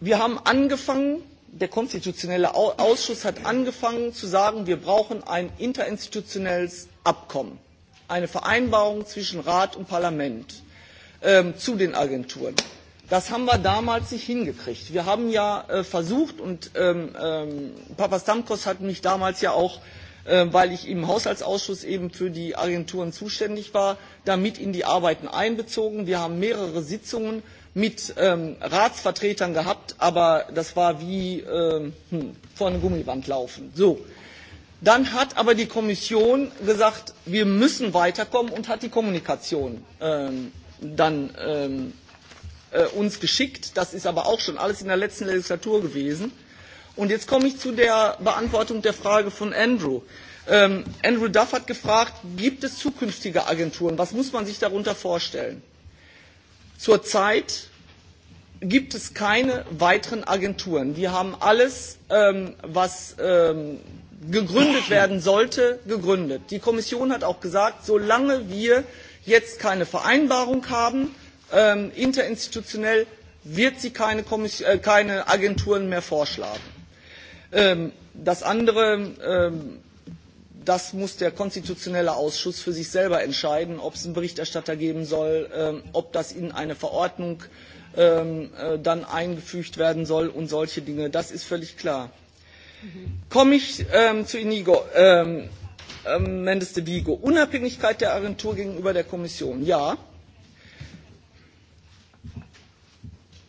wir haben angefangen der konstitutionelle ausschuss hat angefangen zu sagen wir brauchen ein interinstitutionelles abkommen eine vereinbarung zwischen rat und parlament ähm, zu den agenturen. das haben wir damals nicht hingekriegt. wir haben ja äh, versucht und ähm, papastamkos hat mich damals ja auch Ähm, weil ich im Haushaltsausschuss eben für die Agenturen zuständig war, damit in die Arbeiten einbezogen. Wir haben mehrere Sitzungen mit ähm, Ratsvertretern gehabt, aber das war wie ähm, hm, vor einem Gummiband laufen. So. Dann hat aber die Kommission gesagt, wir müssen weiterkommen und hat die Kommunikation ähm, dann ähm, äh, uns geschickt. Das ist aber auch schon alles in der letzten Legislatur gewesen Und jetzt komme ich zu der Beantwortung der Frage von Andrew. Ähm, Andrew Duff hat gefragt, gibt es zukünftige Agenturen? Was muss man sich darunter vorstellen? Zurzeit gibt es keine weiteren Agenturen. Wir haben alles, ähm, was ähm, gegründet werden sollte, gegründet. Die Kommission hat auch gesagt, solange wir jetzt keine Vereinbarung haben, ähm, interinstitutionell, wird sie keine, äh, keine Agenturen mehr vorschlagen Ähm, das andere ähm, das muss der konstitutionelle ausschuss für sich selber entscheiden ob es einen berichterstatter geben soll ähm, ob das in eine verordnung äh, dann eingefügt werden soll und solche dinge das ist völlig klar. Mhm. komme ich zu iñigo mendez de vigo unabhängigkeit der agentur gegenüber der kommission ja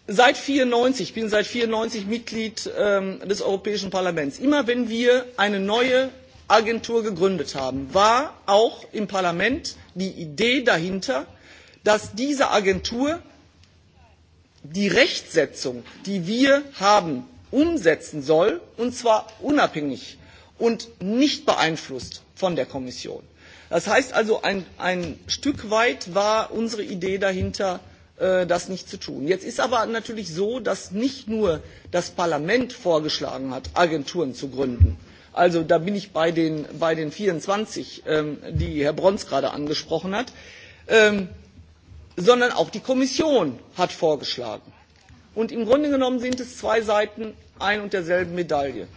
seit 94, ich bin seit 94 Mitglied ähm, des Europäischen Parlaments, immer wenn wir eine neue Agentur gegründet haben, war auch im Parlament die Idee dahinter, dass diese Agentur die Rechtsetzung, die wir haben, umsetzen soll, und zwar unabhängig und nicht beeinflusst von der Kommission. Das heißt also, ein, ein Stück weit war unsere Idee dahinter, Äh, das nicht zu tun. Jetzt ist aber natürlich so, dass nicht nur das Parlament vorgeschlagen hat, Agenturen zu gründen. Also da bin ich bei den, bei den 24, ähm, die Herr Brons gerade angesprochen hat, ähm, sondern auch die Kommission hat vorgeschlagen. Und im Grunde genommen sind es zwei Seiten ein und derselben Medaille.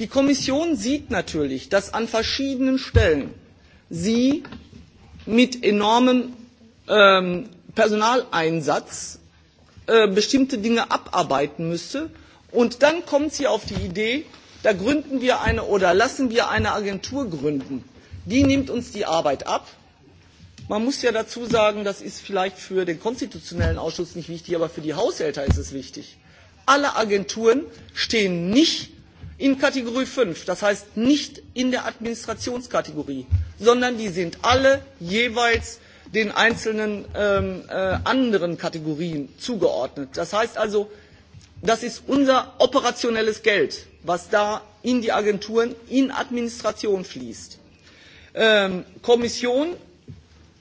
Die Kommission sieht natürlich, dass an verschiedenen Stellen sie mit enormem ähm, Personaleinsatz äh, bestimmte Dinge abarbeiten müsste. Und dann kommt sie auf die Idee, da gründen wir eine oder lassen wir eine Agentur gründen. Die nimmt uns die Arbeit ab. Man muss ja dazu sagen, das ist vielleicht für den konstitutionellen Ausschuss nicht wichtig, aber für die Haushälter ist es wichtig. Alle Agenturen stehen nicht in Kategorie 5, das heißt nicht in der Administrationskategorie, sondern die sind alle jeweils den einzelnen ähm, äh, anderen Kategorien zugeordnet. Das heißt also, das ist unser operationelles Geld, was da in die Agenturen, in Administration fließt. Ähm, Kommission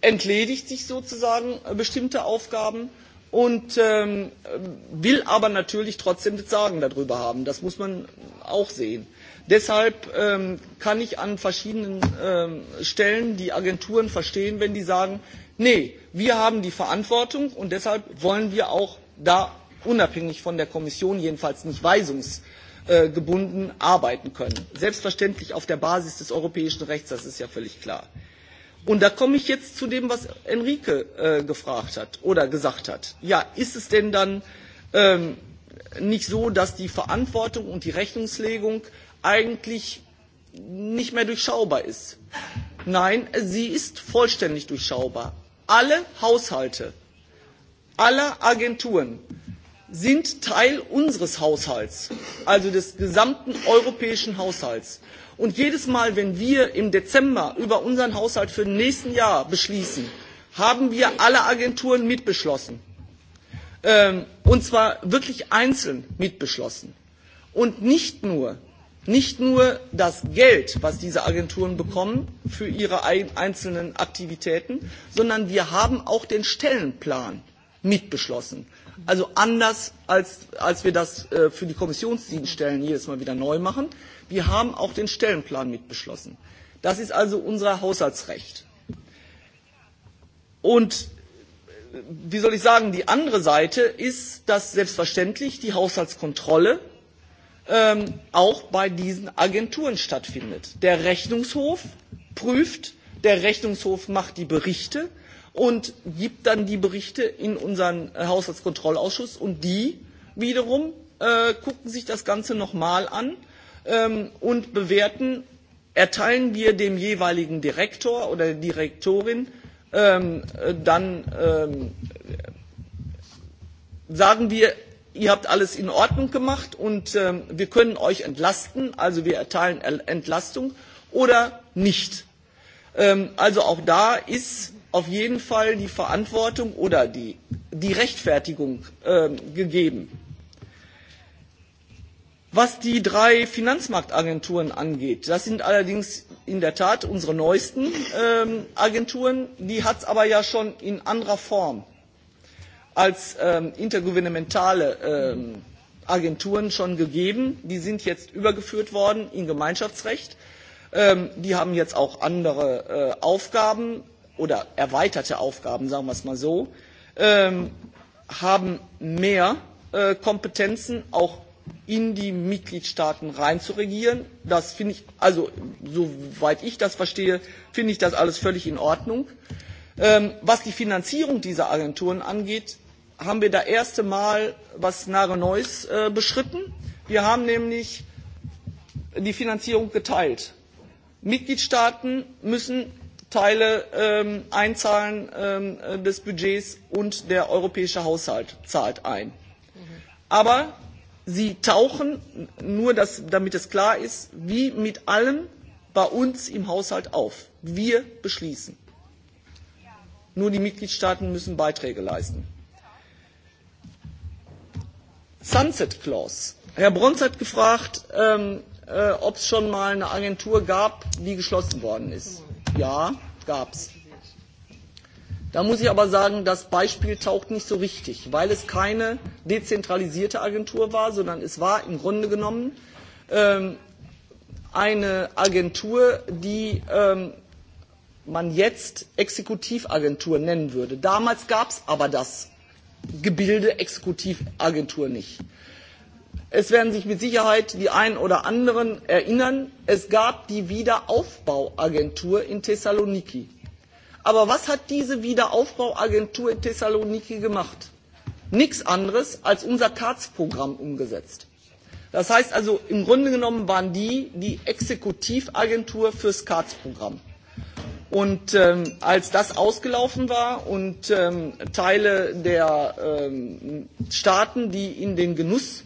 entledigt sich sozusagen äh, bestimmte Aufgaben und ähm, äh, will aber natürlich trotzdem das Sagen darüber haben. Das muss man auch sehen. Deshalb ähm, kann ich an verschiedenen ähm, Stellen die Agenturen verstehen, wenn die sagen, nee, wir haben die Verantwortung und deshalb wollen wir auch da unabhängig von der Kommission, jedenfalls nicht weisungsgebunden, äh, arbeiten können. Selbstverständlich auf der Basis des europäischen Rechts, das ist ja völlig klar. Und da komme ich jetzt zu dem, was Enrique äh, gefragt hat oder gesagt hat. Ja, ist es denn dann ähm, nicht so, dass die Verantwortung und die Rechnungslegung eigentlich nicht mehr durchschaubar ist. Nein, sie ist vollständig durchschaubar. Alle Haushalte aller Agenturen sind Teil unseres Haushalts, also des gesamten europäischen Haushalts. Und jedes Mal, wenn wir im Dezember über unseren Haushalt für den nächsten Jahr beschließen, haben wir alle Agenturen mitbeschlossen. Ähm, und zwar wirklich einzeln mitbeschlossen. Und nicht nur nicht nur das Geld, was diese Agenturen bekommen für ihre einzelnen Aktivitäten, sondern wir haben auch den Stellenplan mitbeschlossen. Also anders, als, als wir das äh, für die Kommissionsdienststellen jedes Mal wieder neu machen. Wir haben auch den Stellenplan mitbeschlossen. Das ist also unser Haushaltsrecht. Und äh, wie soll ich sagen, die andere Seite ist, dass selbstverständlich die Haushaltskontrolle Ähm, auch bei diesen Agenturen stattfindet. Der Rechnungshof prüft, der Rechnungshof macht die Berichte und gibt dann die Berichte in unseren äh, Haushaltskontrollausschuss und die wiederum äh, gucken sich das Ganze nochmal an ähm, und bewerten, erteilen wir dem jeweiligen Direktor oder der Direktorin ähm, äh, dann ähm, sagen wir, ihr habt alles in Ordnung gemacht und ähm, wir können euch entlasten, also wir erteilen Entlastung oder nicht. Ähm, also auch da ist auf jeden Fall die Verantwortung oder die, die Rechtfertigung ähm, gegeben. Was die drei Finanzmarktagenturen angeht, das sind allerdings in der Tat unsere neuesten ähm, Agenturen, die hat es aber ja schon in anderer Form als ähm, intergouvernementale ähm, Agenturen schon gegeben. Die sind jetzt übergeführt worden in Gemeinschaftsrecht. Ähm, die haben jetzt auch andere äh, Aufgaben oder erweiterte Aufgaben, sagen wir es mal so, haben mehr äh, Kompetenzen, auch in die Mitgliedstaaten reinzuregieren. Das finde ich, also soweit ich das verstehe, finde ich das alles völlig in Ordnung. Ähm, was die Finanzierung dieser Agenturen angeht, haben wir das erste Mal etwas Nare Neues äh, beschritten. Wir haben nämlich die Finanzierung geteilt. Mitgliedstaaten müssen Teile ähm, einzahlen ähm, des Budgets und der europäische Haushalt zahlt ein. Aber sie tauchen, nur damit es klar ist, wie mit allem bei uns im Haushalt auf. Wir beschließen. Nur die Mitgliedstaaten müssen Beiträge leisten. Sunset Clause. Herr Brons hat gefragt, ähm, äh, ob es schon mal eine Agentur gab, die geschlossen worden ist. Ja, gab es. Da muss ich aber sagen, das Beispiel taucht nicht so richtig, weil es keine dezentralisierte Agentur war, sondern es war im Grunde genommen ähm, eine Agentur, die ähm, man jetzt Exekutivagentur nennen würde. Damals gab es aber das Gebilde Exekutivagentur nicht. Es werden sich mit Sicherheit die einen oder anderen erinnern, es gab die Wiederaufbauagentur in Thessaloniki. Aber was hat diese Wiederaufbauagentur in Thessaloniki gemacht? Nichts anderes als unser TARS-Programm umgesetzt. Das heißt also, im Grunde genommen waren die die Exekutivagentur fürs CARDS-Programm. Und ähm, als das ausgelaufen war und ähm, Teile der ähm, Staaten, die in den Genuss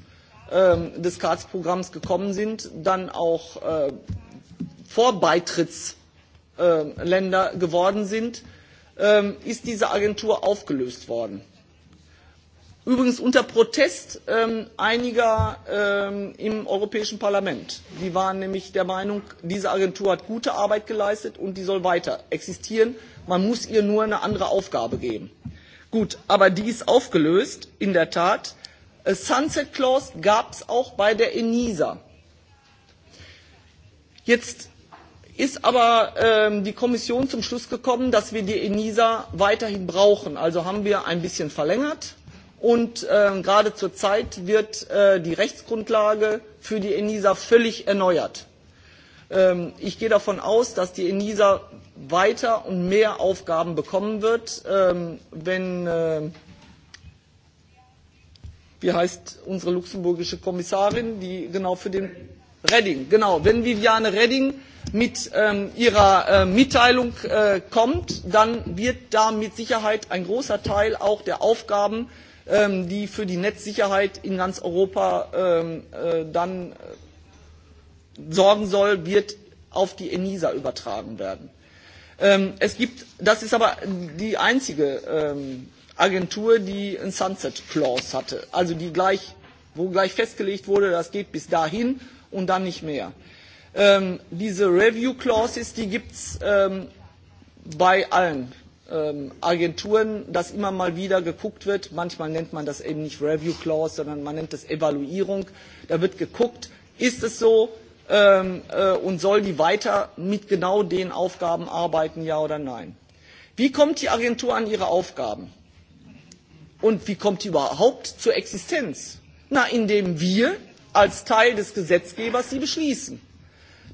ähm, des CARDS-Programms gekommen sind, dann auch äh, Vorbeitrittsländer ähm, äh, geworden sind, ähm, ist diese Agentur aufgelöst worden übrigens unter protest ähm, einiger ähm, im europäischen parlament die waren nämlich der meinung diese agentur hat gute arbeit geleistet und die soll weiter existieren man muss ihr nur eine andere aufgabe geben. gut aber die ist aufgelöst in der tat. A äh, sunset clause gab es auch bei der enisa. jetzt ist aber ähm, die kommission zum schluss gekommen dass wir die enisa weiterhin brauchen also haben wir ein bisschen verlängert Und äh, gerade zurzeit wird äh, die Rechtsgrundlage für die ENISA völlig erneuert. Ähm, ich gehe davon aus, dass die ENISA weiter und mehr Aufgaben bekommen wird, ähm, wenn äh, wie heißt unsere luxemburgische Kommissarin, die genau für den Redding, genau, wenn Viviane Redding mit ähm, ihrer äh, Mitteilung äh, kommt, dann wird da mit Sicherheit ein großer Teil auch der Aufgaben Ähm, die für die Netzsicherheit in ganz Europa ähm, äh, dann äh, sorgen soll, wird auf die ENISA übertragen werden. Ähm, es gibt, das ist aber die einzige Agentur, die ein Sunset Clause hatte, also die gleich, wo gleich festgelegt wurde, das geht bis dahin und dann nicht mehr. Ähm, diese Review Clauses, die gibt es ähm, bei allen Ähm, Agenturen, dass immer mal wieder geguckt wird. Manchmal nennt man das eben nicht Review Clause, sondern man nennt es Evaluierung. Da wird geguckt, ist es so ähm, äh, und soll die weiter mit genau den Aufgaben arbeiten, ja oder nein. Wie kommt die Agentur an ihre Aufgaben? Und wie kommt die überhaupt zur Existenz? Na, indem wir als Teil des Gesetzgebers sie beschließen.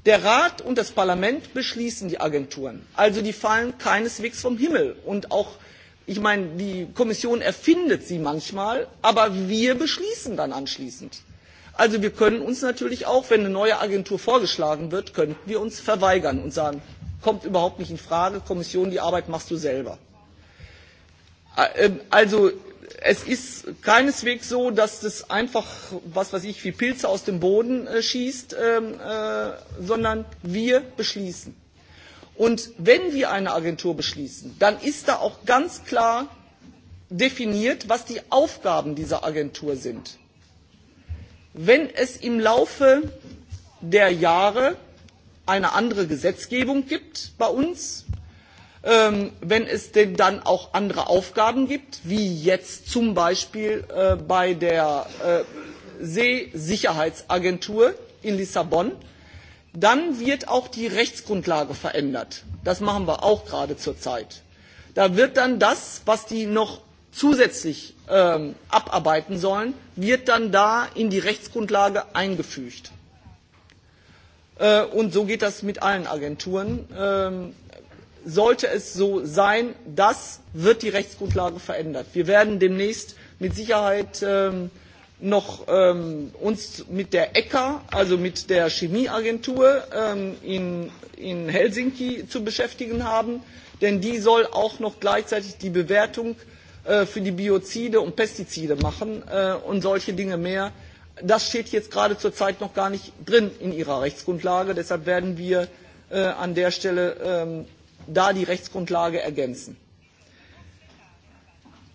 Der Rat und das Parlament beschließen die Agenturen. Also die fallen keineswegs vom Himmel. Und auch, ich meine, die Kommission erfindet sie manchmal, aber wir beschließen dann anschließend. Also wir können uns natürlich auch, wenn eine neue Agentur vorgeschlagen wird, könnten wir uns verweigern und sagen, kommt überhaupt nicht in Frage, Kommission, die Arbeit machst du selber. Äh, ähm, also es ist keineswegs so, dass das einfach, was weiß ich, wie Pilze aus dem Boden äh, schießt, ähm, äh, sondern wir beschließen. Und wenn wir eine Agentur beschließen, dann ist da auch ganz klar definiert, was die Aufgaben dieser Agentur sind. Wenn es im Laufe der Jahre eine andere Gesetzgebung gibt bei uns, ähm, wenn es denn dann auch andere Aufgaben gibt, wie jetzt zum Beispiel äh, bei der äh, Seesicherheitsagentur in Lissabon, dann wird auch die Rechtsgrundlage verändert. Das machen wir auch gerade zurzeit. Da wird dann das, was die noch zusätzlich ähm, abarbeiten sollen, wird dann da in die Rechtsgrundlage eingefügt. Äh, und so geht das mit allen Agenturen. Ähm, sollte es so sein, das wird die Rechtsgrundlage verändert. Wir werden uns demnächst mit Sicherheit ähm, noch ähm, mit der echa also mit der Chemieagentur ähm, in, Helsinki zu beschäftigen haben, denn die soll auch noch gleichzeitig die Bewertung äh, für die Biozide und Pestizide machen äh, und solche Dinge mehr. Das steht jetzt gerade zur zeit noch gar nicht drin in ihrer Rechtsgrundlage. Deshalb werden wir äh, an der Stelle da die Rechtsgrundlage ergänzen.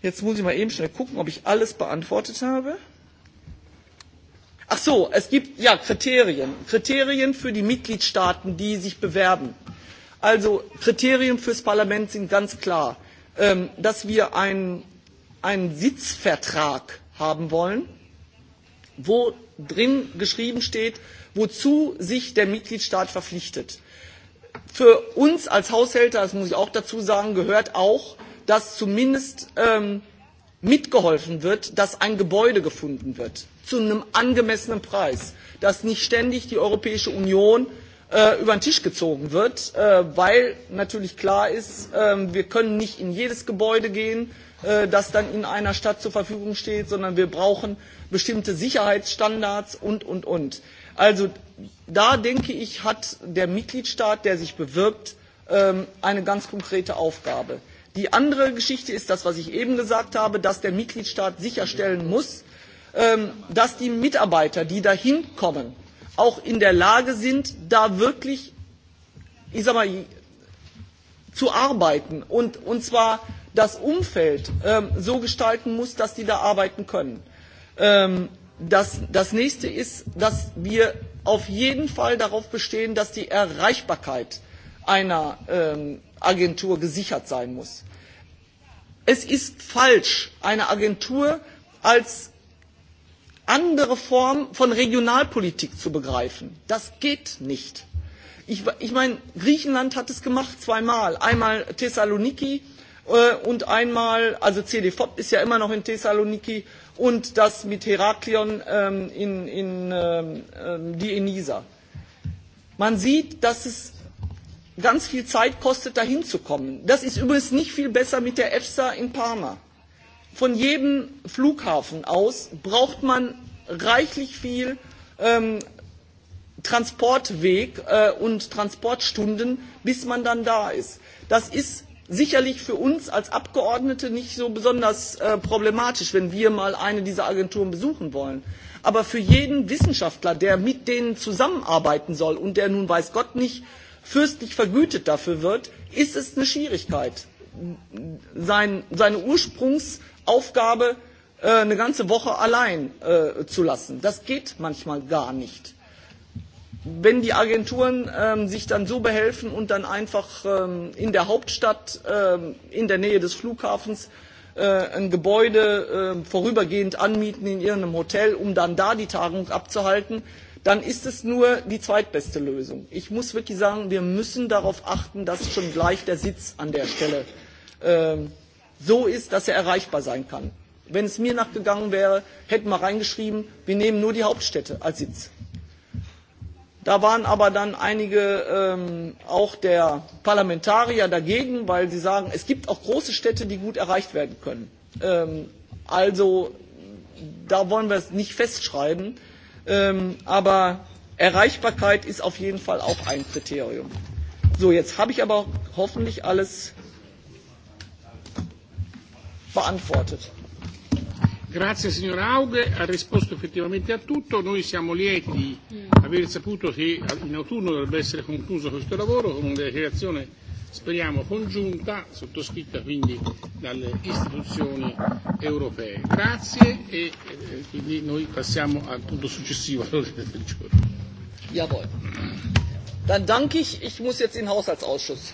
Jetzt muss ich mal eben schnell gucken, ob ich alles beantwortet habe. Ach so, es gibt ja Kriterien. Kriterien für die Mitgliedstaaten, die sich bewerben. Also Kriterien fürs Parlament sind ganz klar, ähm, dass wir einen, einen Sitzvertrag haben wollen, wo drin geschrieben steht, wozu sich der Mitgliedstaat verpflichtet für uns als Haushälter, das muss ich auch dazu sagen, gehört auch, dass zumindest ähm, mitgeholfen wird, dass ein Gebäude gefunden wird zu einem angemessenen Preis, dass nicht ständig die Europäische Union äh, über den Tisch gezogen wird, äh, weil natürlich klar ist, äh, wir können nicht in jedes Gebäude gehen, äh, das dann in einer Stadt zur Verfügung steht, sondern wir brauchen bestimmte Sicherheitsstandards und, und, und. Also da denke ich, hat der Mitgliedstaat, der sich bewirbt, ähm, eine ganz konkrete Aufgabe. Die andere Geschichte ist das, was ich eben gesagt habe, dass der Mitgliedstaat sicherstellen muss, ähm, dass die Mitarbeiter, die dahin kommen, auch in der Lage sind, da wirklich, ich sag mal, zu arbeiten und, und zwar das Umfeld ähm, so gestalten muss, dass die da arbeiten können. das, das nächste ist, dass wir auf jeden Fall darauf bestehen, dass die Erreichbarkeit einer ähm, Agentur gesichert sein muss. Es ist falsch, eine Agentur als andere Form von Regionalpolitik zu begreifen. Das geht nicht. Ich, ich meine, Griechenland hat es gemacht zweimal. Einmal Thessaloniki äh, und einmal, also CDFOP ist ja immer noch in Thessaloniki und das mit Heraklion ähm, in, in ähm, ähm Dionysa. Man sieht, dass es ganz viel Zeit kostet, dahin zu kommen. Das ist übrigens nicht viel besser mit der EFSA in Parma. Von jedem Flughafen aus braucht man reichlich viel ähm, Transportweg äh, und Transportstunden, bis man dann da ist. Das ist sicherlich für uns als Abgeordnete nicht so besonders äh, problematisch, wenn wir mal eine dieser Agenturen besuchen wollen. Aber für jeden Wissenschaftler, der mit denen zusammenarbeiten soll und der nun weiß Gott nicht fürstlich vergütet dafür wird, ist es eine Schwierigkeit, sein, seine Ursprungsaufgabe äh, eine ganze Woche allein äh, zu lassen. Das geht manchmal gar nicht wenn die Agenturen ähm, sich dann so behelfen und dann einfach ähm, in der Hauptstadt, ähm, in der Nähe des Flughafens, äh, ein Gebäude äh, vorübergehend anmieten in irgendeinem Hotel, um dann da die Tagung abzuhalten, dann ist es nur die zweitbeste Lösung. Ich muss wirklich sagen, wir müssen darauf achten, dass schon gleich der Sitz an der Stelle äh, so ist, dass er erreichbar sein kann. Wenn es mir nachgegangen wäre, hätten wir reingeschrieben, wir nehmen nur die Hauptstädte als Sitz Da waren aber dann einige ähm, auch der Parlamentarier dagegen, weil sie sagen, es gibt auch große Städte, die gut erreicht werden können. Ähm, also da wollen wir es nicht festschreiben, ähm, aber Erreichbarkeit ist auf jeden Fall auch ein Kriterium. So, jetzt habe ich aber hoffentlich alles beantwortet. Grazie signor Auge, ha risposto effettivamente a tutto. Noi siamo lieti mm aver saputo che in autunno dovrebbe essere concluso questo lavoro con una dichiarazione, speriamo, congiunta, sottoscritta quindi dalle istituzioni europee. Grazie e eh, quindi noi passiamo al punto successivo all'ordine del giorno. Jawohl. Dann danke ich. Ich muss jetzt in den Haushaltsausschuss.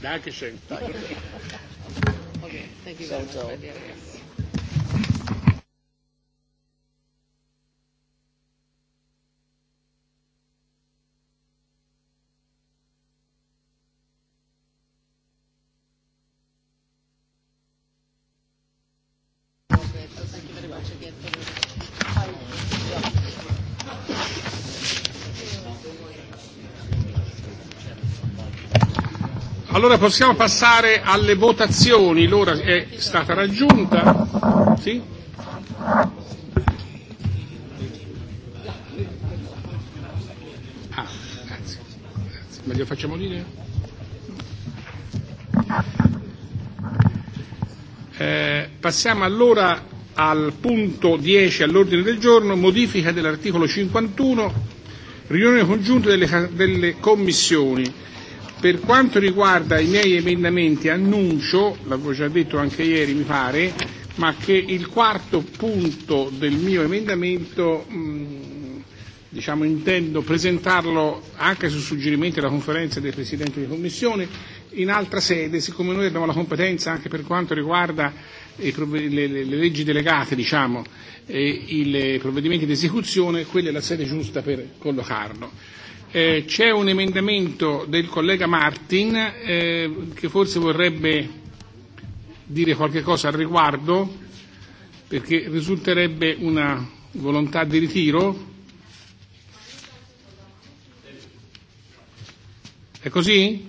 Dankeschön. Danke. Okay, thank you very much. Allora possiamo passare alle votazioni, l'ora è stata raggiunta. Sì? Ah, grazie. grazie. Ma glielo facciamo dire? Eh, passiamo allora al punto 10 all'ordine del giorno, modifica dell'articolo 51, riunione congiunta delle, delle commissioni. Per quanto riguarda i miei emendamenti annuncio, l'avevo già detto anche ieri mi pare, ma che il quarto punto del mio emendamento mh, diciamo, intendo presentarlo anche su suggerimento della conferenza dei presidenti di commissione in altra sede, siccome noi abbiamo la competenza anche per quanto riguarda le, le, le leggi delegate, diciamo, e i provvedimenti di esecuzione, quella è la sede giusta per collocarlo. Eh, c'è un emendamento del collega Martin eh, che forse vorrebbe dire qualche cosa al riguardo perché risulterebbe una volontà di ritiro. È così?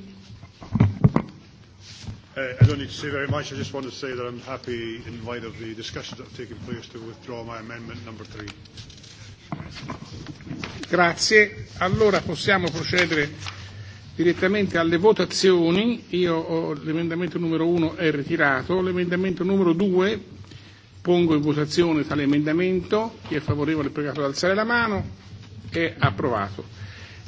Uh, I don't need to say very much. I just want to say that I'm happy, in light of the discussions that have taken place, to withdraw my amendment number three. Grazie. Allora possiamo procedere direttamente alle votazioni. Io ho l'emendamento numero 1 è ritirato. L'emendamento numero 2 pongo in votazione tale emendamento. Chi è favorevole è pregato ad alzare la mano. È approvato.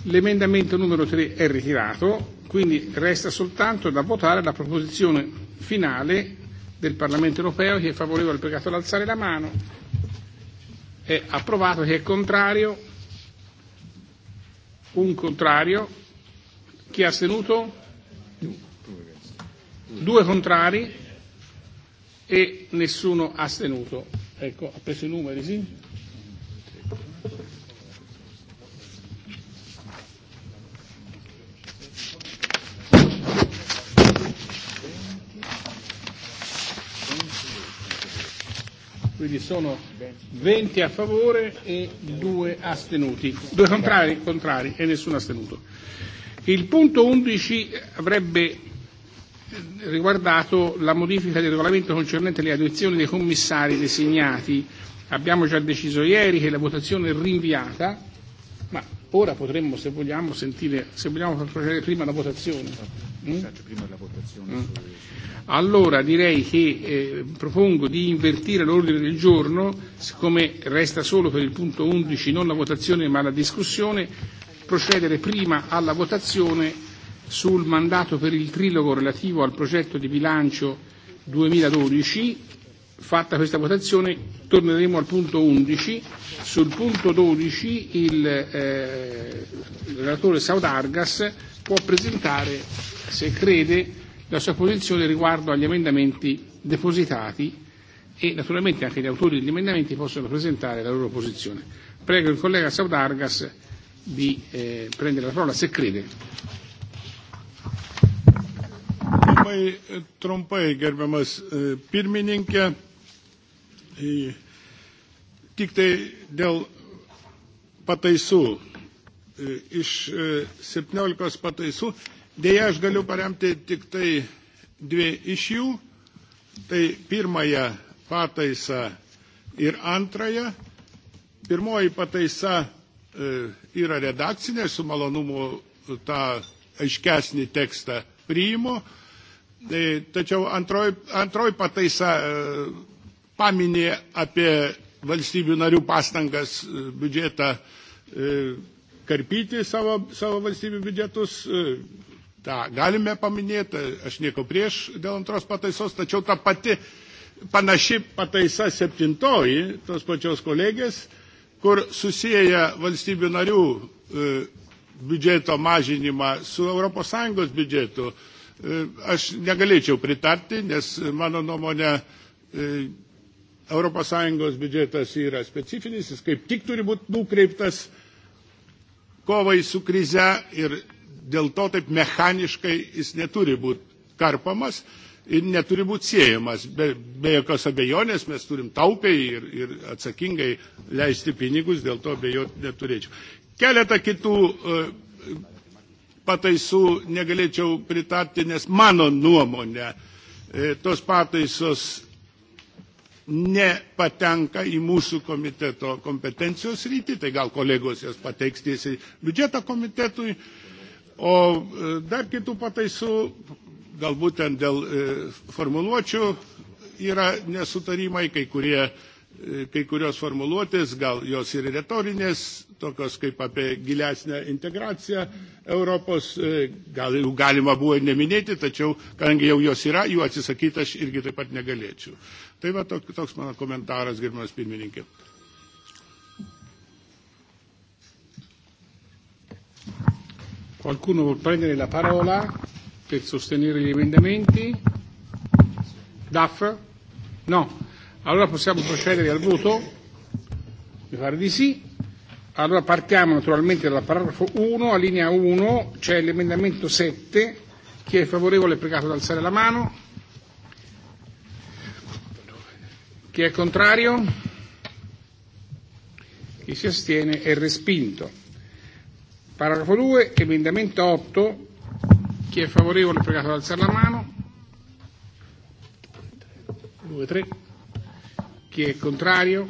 L'emendamento numero 3 è ritirato, quindi resta soltanto da votare la proposizione finale del Parlamento europeo. che è favorevole al pregato ad alzare la mano. È approvato. Chi è contrario? Un contrario. Chi ha astenuto? Due contrari e nessuno ha astenuto. Ecco, ha preso i numeri, sì? quindi sono 20 a favore e 2 astenuti, 2 contrari, contrari e nessuno astenuto. Il punto 11 avrebbe eh, riguardato la modifica del regolamento concernente le adozioni dei commissari designati. Abbiamo già deciso ieri che la votazione è rinviata, ma Ora potremmo, se vogliamo, sentire, se vogliamo procedere prima la votazione. Mm? mm. Allora direi che eh, propongo di invertire l'ordine del giorno, siccome resta solo per il punto 11 non la votazione ma la discussione, procedere prima alla votazione sul mandato per il trilogo relativo al progetto di bilancio 2012 fatta questa votazione torneremo al punto 11. Sul punto 12 il eh, relatore Saudargas può presentare, se crede, la sua posizione riguardo agli emendamenti depositati e naturalmente anche gli autori degli emendamenti possono presentare la loro posizione. Prego il collega Saudargas di eh, prendere la parola se crede. Eh, Trumpai, gerbiamas eh, pirmininkė. Tik tai dėl pataisų. Iš 17 pataisų, dėja aš galiu paremti tik tai dvi iš jų. Tai pirmąją pataisą ir antrąją. Pirmoji pataisa yra redakcinė, su malonumu tą aiškesnį tekstą priimu. Tačiau antroji, antroj pataisa paminė apie valstybių narių pastangas e, biudžetą e, karpyti savo, savo valstybių biudžetus. E, ta, galime paminėti, aš nieko prieš dėl antros pataisos, tačiau ta pati panaši pataisa septintoji tos pačios kolegės, kur susiję valstybių narių biudžeto mažinimą su ES biudžetu, aš negalėčiau pritarti, nes mano nuomonė ES biudžetas yra specifinis, jis kaip tik turi būti nukreiptas kovai su krize ir dėl to taip mechaniškai jis neturi būti karpamas ir neturi būti siejamas. Be, be jokios abejonės mes turim taupiai ir, ir atsakingai leisti pinigus, dėl to abejoti neturėčiau. Keletą kitų e, pataisų negalėčiau pritarti, nes mano nuomonė e, tos pataisos nepatenka į mūsų komiteto kompetencijos rytį, tai gal kolegos jas pateiks tiesiai biudžeto komitetui, o e, dar kitų pataisų, galbūt ten dėl e, formuluočių yra nesutarimai, kai kurie uh, E, kai kurios formuluotės, gal jos ir retorinės, tokios kaip apie gilesnę integraciją Europos, e, gal jų galima buvo ir neminėti, tačiau, kadangi jau jos yra, jų atsisakyti aš irgi taip pat negalėčiau. Tai va toks mano komentaras, gerbiamas pirmininkė. Qualcuno vuol prendere la parola per sostenere gli emendamenti? Duff? No. Allora possiamo procedere al voto? Mi pare di sì. Allora partiamo naturalmente dal paragrafo 1, a linea 1 c'è l'emendamento 7, chi è favorevole è pregato ad alzare la mano, chi è contrario, chi si astiene è respinto. Paragrafo 2, emendamento 8, chi è favorevole è pregato ad alzare la mano, 2, 3 Chi è contrario?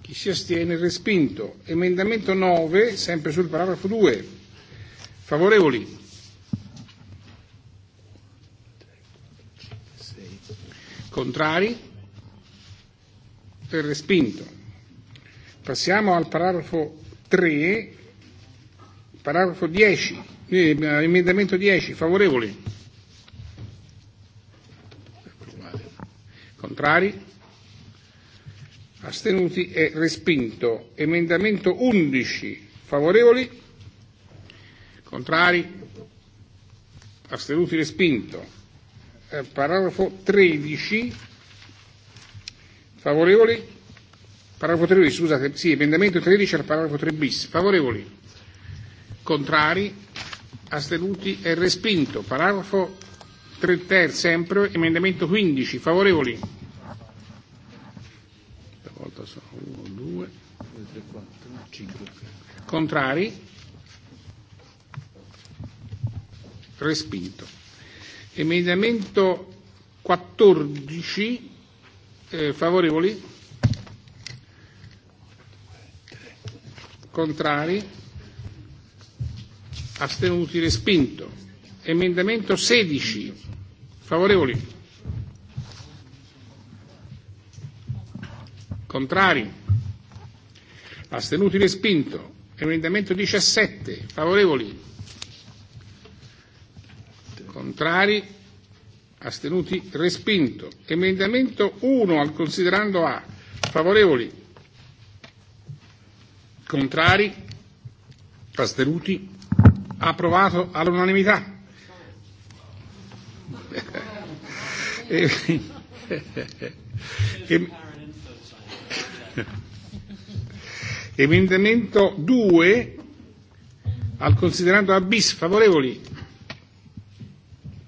Chi si astiene? Respinto. Emendamento 9, sempre sul paragrafo 2. Favorevoli? Contrari? Per respinto. Passiamo al paragrafo 3, paragrafo 10, eh, emendamento 10, favorevoli? Contrari? astenuti è respinto. Emendamento 11 favorevoli, contrari, astenuti respinto. Eh, paragrafo 13 favorevoli, paragrafo 13 scusate, sì, emendamento 13 al paragrafo 3 bis, favorevoli, contrari, astenuti e respinto. Paragrafo 3 ter sempre, emendamento 15 favorevoli quanto 1, 2, 3, 4, 5. Contrari? Respinto. Emendamento 14, eh, favorevoli? Contrari? Astenuti? Respinto. Emendamento 16, favorevoli? Contrari? Astenuti respinto. Emendamento 17. Favorevoli? Contrari? Astenuti respinto. Emendamento 1 al considerando A. Favorevoli? Contrari? Astenuti? Approvato all'unanimità. e, Emendamento 2 al considerando A bis, favorevoli?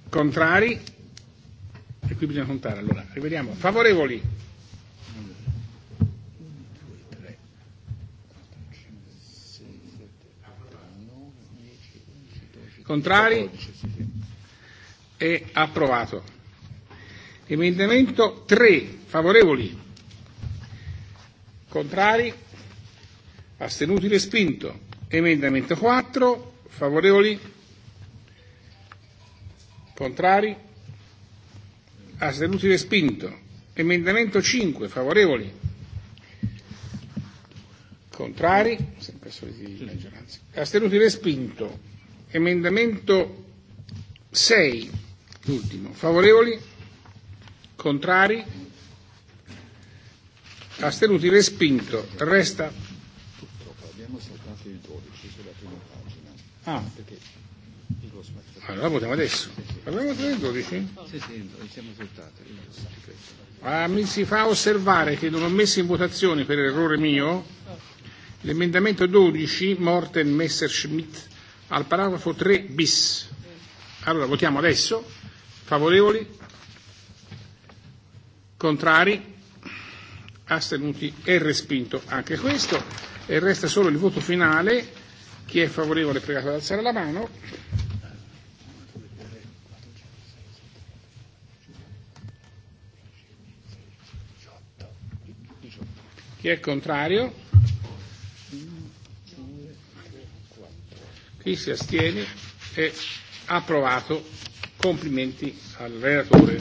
Contrari? E qui bisogna contare allora, rivediamo. Favorevoli? Contrari? È e approvato. Emendamento 3, favorevoli? Contrari? astenuti respinto. Emendamento 4, favorevoli, contrari, astenuti respinto. Emendamento 5, favorevoli, contrari, sempre soliti maggioranza, astenuti respinto. Emendamento 6, l'ultimo, favorevoli, contrari, astenuti respinto. Resta Ah. Allora ah, votiamo adesso. Parliamo del 12? Sì, sì, siamo soltanto. Ah, mi si fa osservare che non ho messo in votazione per errore mio l'emendamento 12 Morten Messerschmidt al paragrafo 3 bis. Allora votiamo adesso. Favorevoli? Contrari? Astenuti? È respinto anche questo. E resta solo il voto finale Chi è favorevole è pregato alzare la mano. Chi è contrario? Chi si astiene? È approvato. Complimenti al relatore.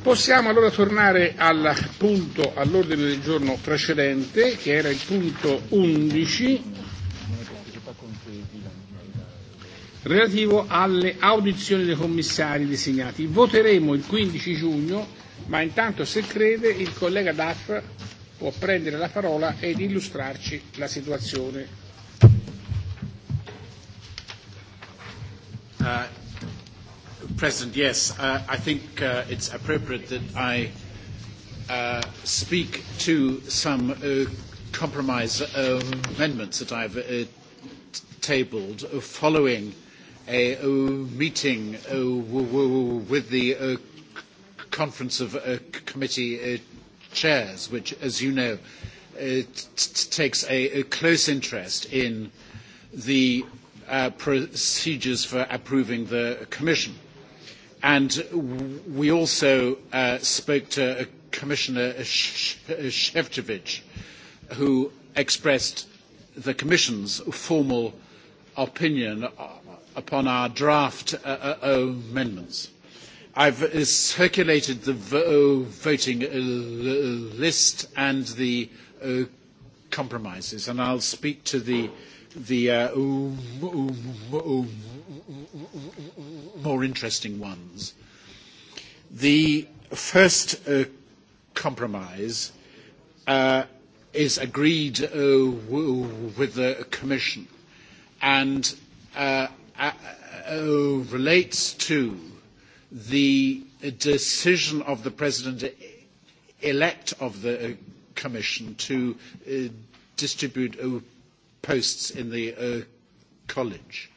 Possiamo allora tornare al punto all'ordine del giorno precedente, che era il punto 11 relativo alle audizioni dei commissari designati. Voteremo il 15 giugno, ma intanto se crede il collega Duff può prendere la parola ed illustrarci la situazione. Uh, President, yes, uh, I think uh, it's appropriate that I uh, speak to some uh, compromise uh, amendments that I've uh, tabled following uh, a meeting with the uh, Conference of uh, Committee uh, Chairs, which, as you know, takes a close interest in the procedures for approving the Commission. And we also spoke to Commissioner Shevchevich, who expressed the Commission's formal opinion upon our draft uh, uh amendments. I've uh, circulated the uh, voting list and the compromises, and I'll speak to the, the more interesting ones. The first compromise uh, is agreed uh, with the Commission. And uh, Uh, uh, relates to the decision of the president-elect of the commission to uh, distribute posts in the college.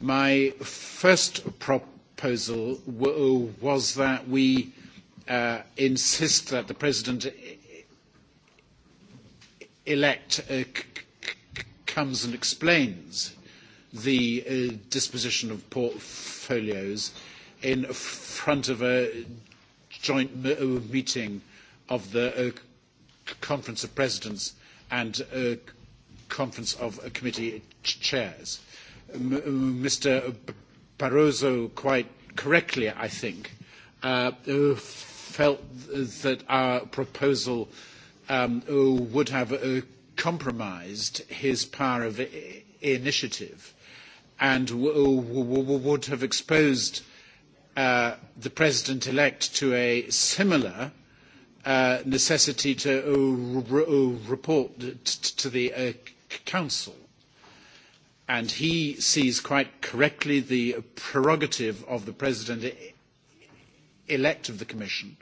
My first proposal was that we insist that the president e, e, elect comes and explains the uh, disposition of portfolios in front of a joint uh, meeting of the uh, Conference of Presidents and uh, Conference of Committee Chairs. Mr. Barroso, quite correctly, I think, felt that our proposal um, would have compromised his power of initiative and would have exposed uh, the president-elect to a similar uh, necessity to uh, uh, report to the uh, council. And he sees quite correctly the prerogative of the president-elect of the commission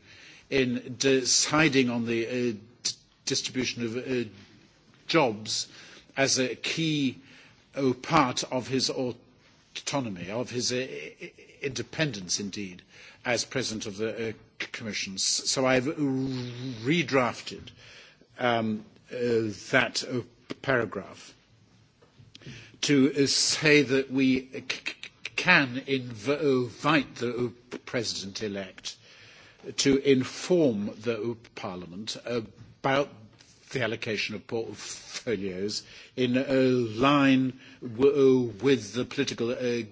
in deciding on the distribution of jobs as a key oh, part of his autonomy, of his uh, independence indeed, as President of the uh, Commission. So I've redrafted um, uh, that uh, paragraph to say that we can invite the President-elect to inform the Parliament about the allocation of portfolios in uh, line uh, with the political uh,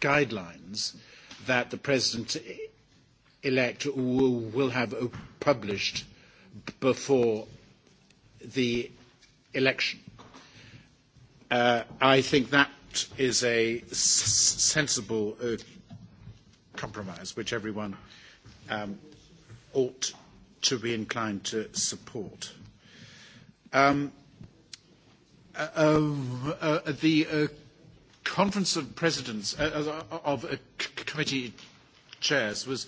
guidelines that the President-elect will have published before the election. I think that is a sensible compromise which everyone um, ought to be inclined to support. Um, uh, uh, uh, the uh, Conference of Presidents uh, of uh, Committee Chairs was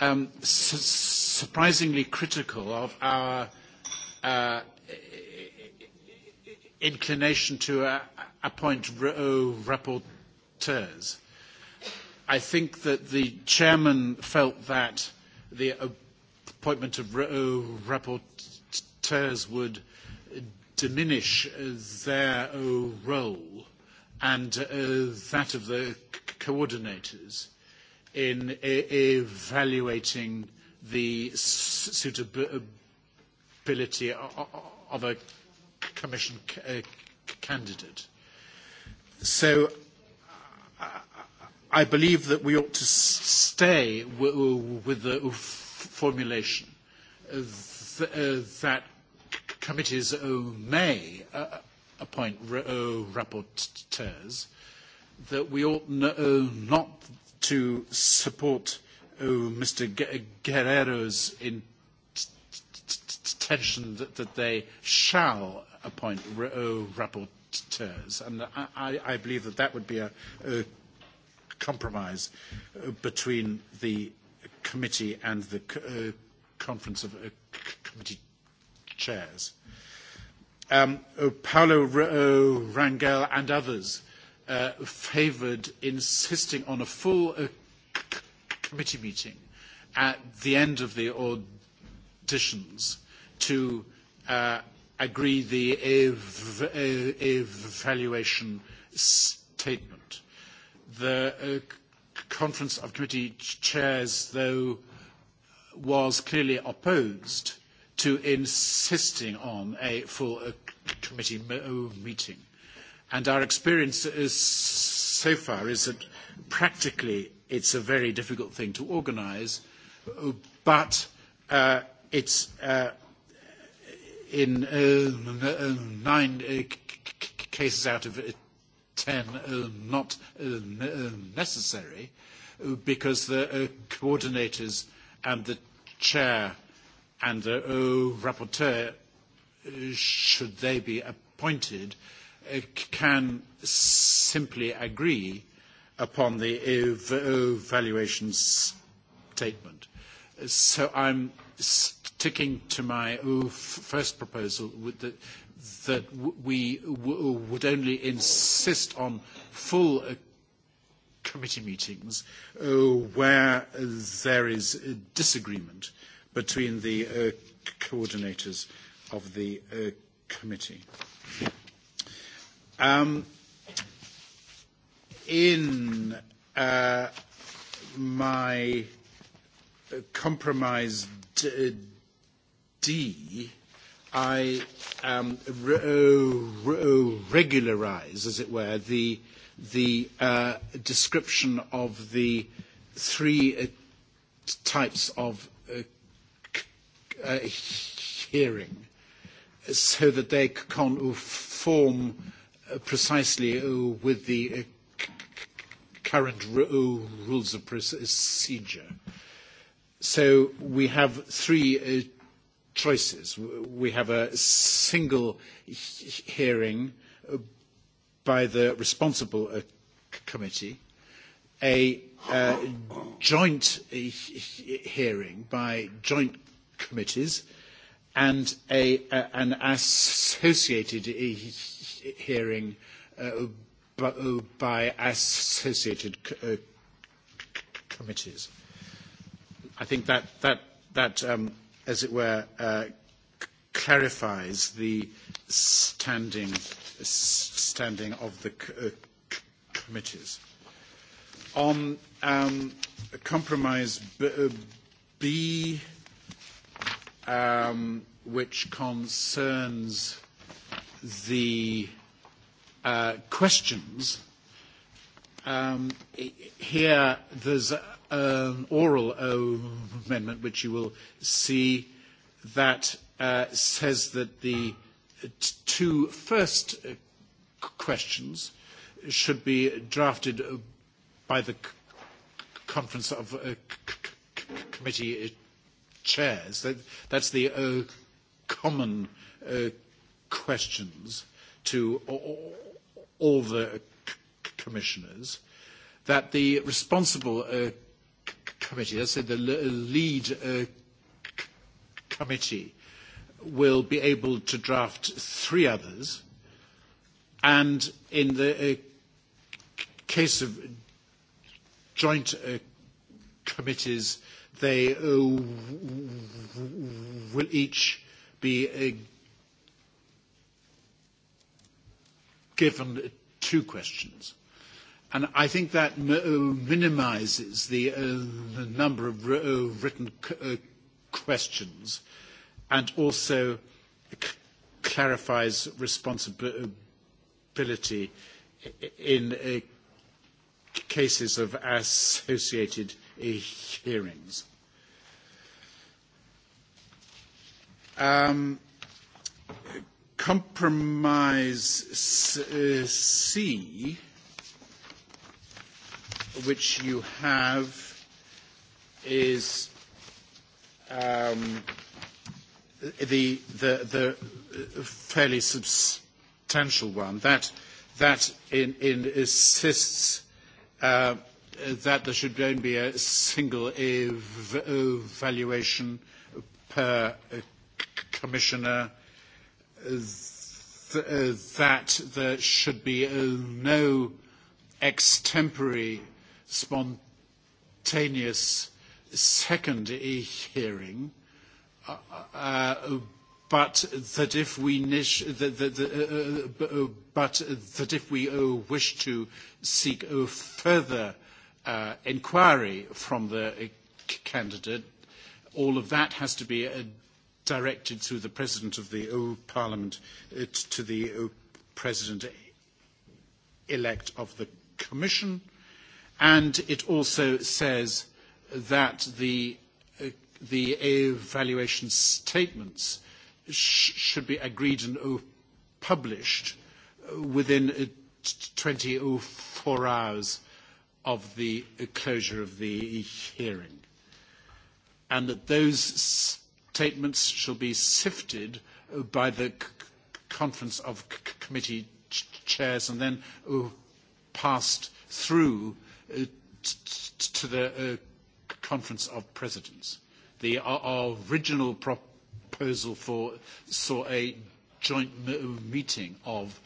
um, su surprisingly critical of our uh, inclination to uh, appoint rapporteurs. I think that the chairman felt that the appointment of rapporteurs would diminish uh, their uh, role and uh, that of the coordinators in e-, evaluating the suitability of a commission candidate. So I believe that we ought to stay with the formulation that committees oh, uh, may uh, appoint re- uh, rapporteurs, that we ought uh, not to support uh, Mr. G- Guerrero's intention that that they shall appoint re- uh, rapporteurs. And I I believe that that would be a a compromise uh, between the committee and the uh, Conference of uh, Committee chairs. Um, uh, Paolo uh, Rangel and others uh, favoured insisting on a full uh, committee meeting at the end of the auditions to uh, agree the ev e, evaluation statement. The uh, Conference of Committee Chairs, though, was clearly opposed to insisting on a full uh, committee uh, meeting. And our experience is, so far is that practically it's a very difficult thing to organise, but uh, it's uh, in uh, nine uh, cases out of uh, ten uh, not uh, necessary because the coordinators and the chair and a uh, rapporteur, uh, should they be appointed, uh, can simply agree upon the evaluation statement. So I'm sticking to my first proposal that, that we would only insist on full committee meetings where there is disagreement between the uh, coordinators of the uh, committee. Um, in uh, my uh, compromise d, uh, d I um, re- uh, re- regularize, as it were, the, the uh, description of the three uh, types of uh, hearing so that they conform uh, precisely uh, with the uh, current rules of procedure. So we have three choices. We have a single hearing by the responsible committee, a joint hearing by joint committees and a, an associated e-, hearing uh, uh, by associated uh, committees. I think that, that, that um, as it were, uh, clarifies the standing, standing of the committees. On um, compromise B, B um, which concerns the uh, questions. Um, here, there's an oral amendment, which you will see, that uh, says that the two first uh, questions should be drafted by the Conference of uh, Committee chairs. That, that's the uh, common uh, questions to all, all the commissioners. That the responsible uh, committee, let's say the uh, lead uh, committee, will be able to draft three others. And in the uh, case of joint uh, committees, uh, they uh, will each be uh, given two questions. And I think that uh, minimizes the number of written questions and also clarifies responsibility in cases of associated hearings. Um, compromise uh, C, which you have, is um, the, the, the fairly substantial one. That, that in, in insists uh, that there should only be a single ev- evaluation per uh, commissioner, uh, that there should be uh, no extemporary, spontaneous second hearing, uh, but that if we that, that, that, uh, but that if we uh, wish to seek uh, further uh, inquiry from the uh, candidate, all of that has to be uh, directed through the President of the uh, Parliament to the President-elect of the Commission. And it also says that the, the evaluation statements sh should be agreed and published within 24 hours of the closure of the hearing, and that those statements shall be sifted by the Conference of Committee Chairs and then uh, passed through uh, to the uh, Conference of Presidents. The original proposal for saw a joint meeting of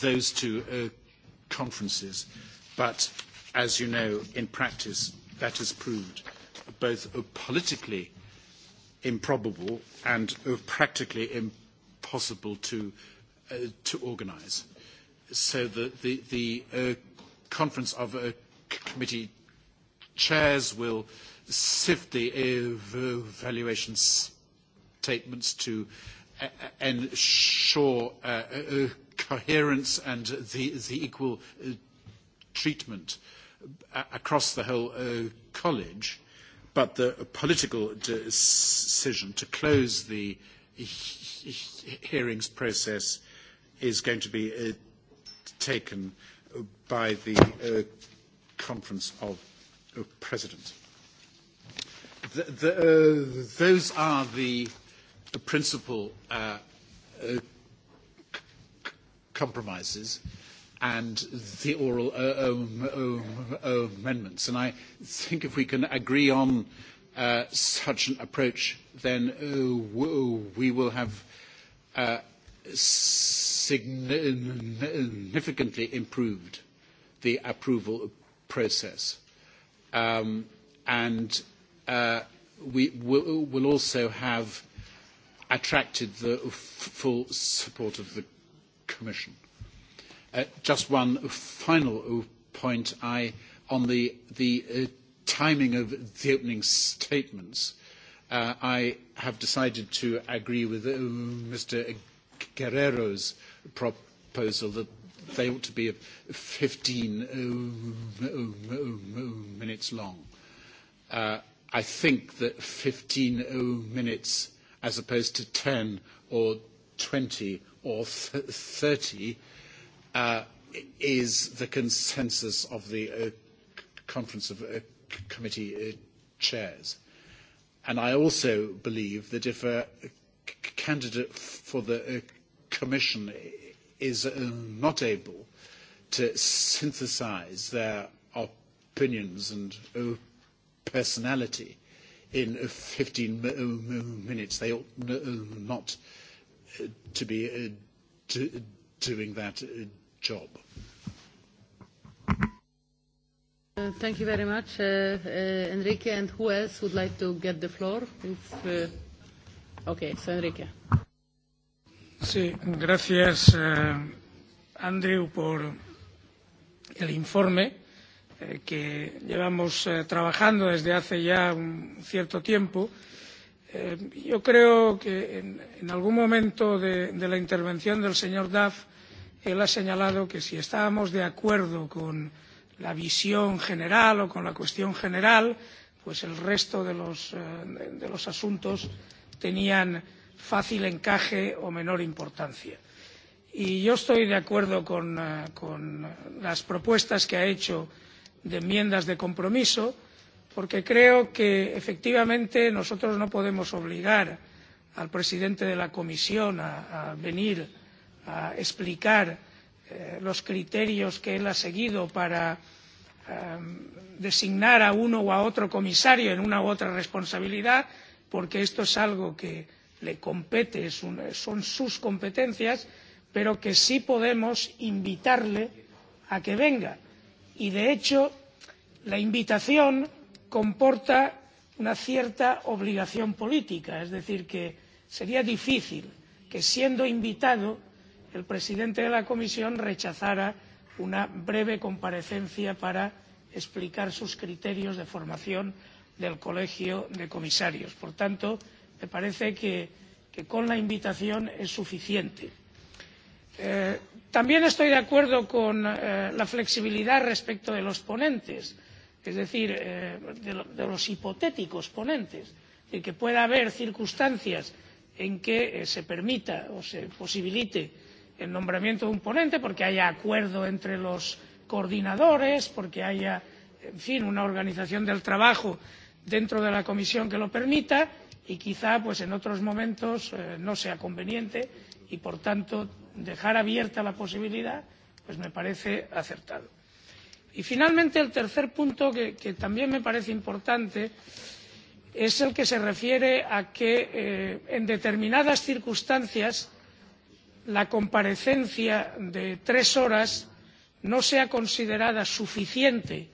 those two conferences, but as you know, in practice, that has proved both politically improbable and practically impossible to, uh, to organise. So the, the, the uh, conference of uh, committee chairs will sift the evaluation statements to uh, uh, ensure uh, coherence and the, the equal treatment across the whole uh, college, but the political decision to close the hearings process is going to be uh, taken by the uh, Conference of uh, Presidents. The, the, uh, those are the, the principal uh, uh, compromises. Uh, and the oral uh, um, um, um, amendments. And I think if we can agree on uh, such an approach, then uh, we will have uh, significantly improved the approval process. Um, and uh, we will, will also have attracted the full support of the Commission. Uh, just one final point I, on the, uh, timing of the opening statements. Uh, I have decided to agree with Mr. Guerrero's proposal that they ought to be 15 minutes long. I think that 15 minutes as opposed to 10 or 20 or 30 Uh, is the consensus of the uh, Conference of uh, Committee uh, Chairs. And I also believe that if a candidate for the uh, Commission is not able to synthesise their opinions and personality in 15 minutes, they ought not to be doing that job. Uh, thank you very much, uh, uh, Enrique. And who else would like to get the floor? If, uh... Okay, so Enrique. Sí, gracias, uh, Andrew, por el informe eh, que llevamos eh, trabajando desde hace ya un cierto tiempo. Eh, yo creo que en, en algún momento de, de la intervención del señor Duff eh, él ha señalado que si estábamos de acuerdo con la visión general o con la cuestión general pues el resto de los, eh, de los asuntos tenían fácil encaje o menor importancia. y yo estoy de acuerdo con, eh, con las propuestas que ha hecho de enmiendas de compromiso porque creo que efectivamente nosotros no podemos obligar al presidente de la comisión a, a venir a explicar eh, los criterios que él ha seguido para eh, designar a uno o a otro comisario en una u otra responsabilidad porque esto es algo que le compete son sus competencias pero que sí podemos invitarle a que venga y de hecho la invitación comporta una cierta obligación política es decir que sería difícil que siendo invitado el presidente de la comisión rechazara una breve comparecencia para explicar sus criterios de formación del colegio de comisarios. por tanto me parece que, que con la invitación es suficiente. Eh, también estoy de acuerdo con eh, la flexibilidad respecto de los ponentes es decir eh, de, lo, de los hipotéticos ponentes de que pueda haber circunstancias en que eh, se permita o se posibilite el nombramiento de un ponente porque haya acuerdo entre los coordinadores porque haya en fin una organización del trabajo dentro de la comisión que lo permita y quizá pues, en otros momentos eh, no sea conveniente y por tanto dejar abierta la posibilidad pues me parece acertado. y finalmente el tercer punto que, que también me parece importante es el que se refiere a que eh, en determinadas circunstancias la comparecencia de tres horas no sea considerada suficiente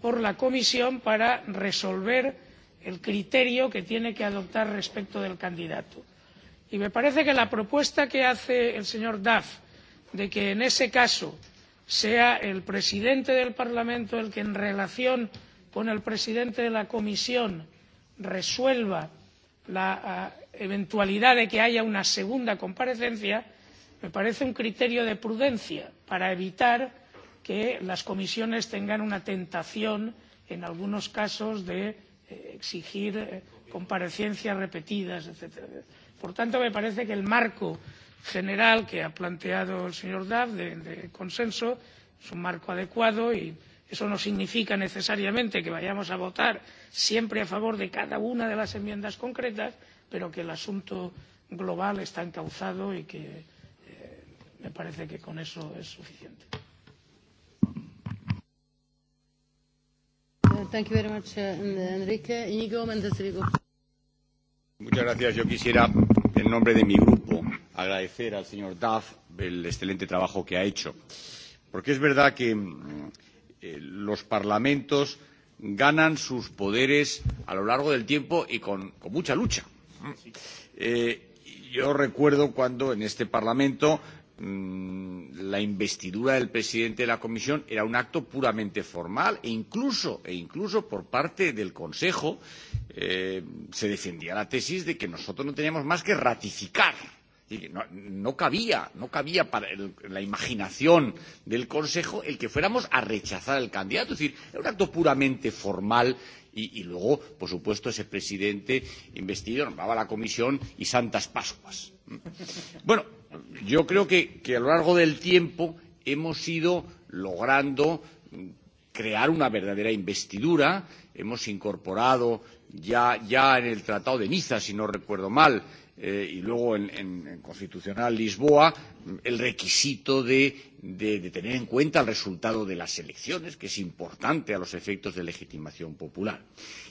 por la comisión para resolver el criterio que tiene que adoptar respecto del candidato y me parece que la propuesta que hace el señor duff de que en ese caso sea el presidente del parlamento el que en relación con el presidente de la comisión resuelva la ah, eventualidad de que haya una segunda comparecencia me parece un criterio de prudencia para evitar que las comisiones tengan una tentación en algunos casos de eh, exigir eh, comparecencias repetidas etc. por tanto me parece que el marco general que ha planteado el señor duff de, de consenso es un marco adecuado y eso no significa necesariamente que vayamos a votar siempre a favor de cada una de las enmiendas concretas pero que el asunto global está encauzado y que me parece que con eso es suficiente. Uh, thank you very much, uh, Enrique. Íñigo Méndez de Muchas gracias. Yo quisiera, en nombre de mi grupo, agradecer al señor Duff el excelente trabajo que ha hecho. Porque es verdad que mm, eh, los parlamentos ganan sus poderes a lo largo del tiempo y con, con mucha lucha. Eh, yo recuerdo cuando en este Parlamento Mm, la investidura del presidente de la Comisión era un acto puramente formal e incluso, e incluso por parte del Consejo eh, se defendía la tesis de que nosotros no teníamos más que ratificar. Y no, no cabía, no cabía para el, la imaginación del Consejo el que fuéramos a rechazar al candidato. Es decir, era un acto puramente formal y, y luego, por supuesto, ese presidente investido nombraba la comisión y santas pascuas. Mm. Bueno, yo creo que, que a lo largo del tiempo hemos ido logrando crear una verdadera investidura. Hemos incorporado ya, ya en el Tratado de Niza, si no recuerdo mal, eh, y luego en, en, en Constitucional Lisboa el requisito de, de, de tener en cuenta el resultado de las elecciones, que es importante a los efectos de legitimación popular.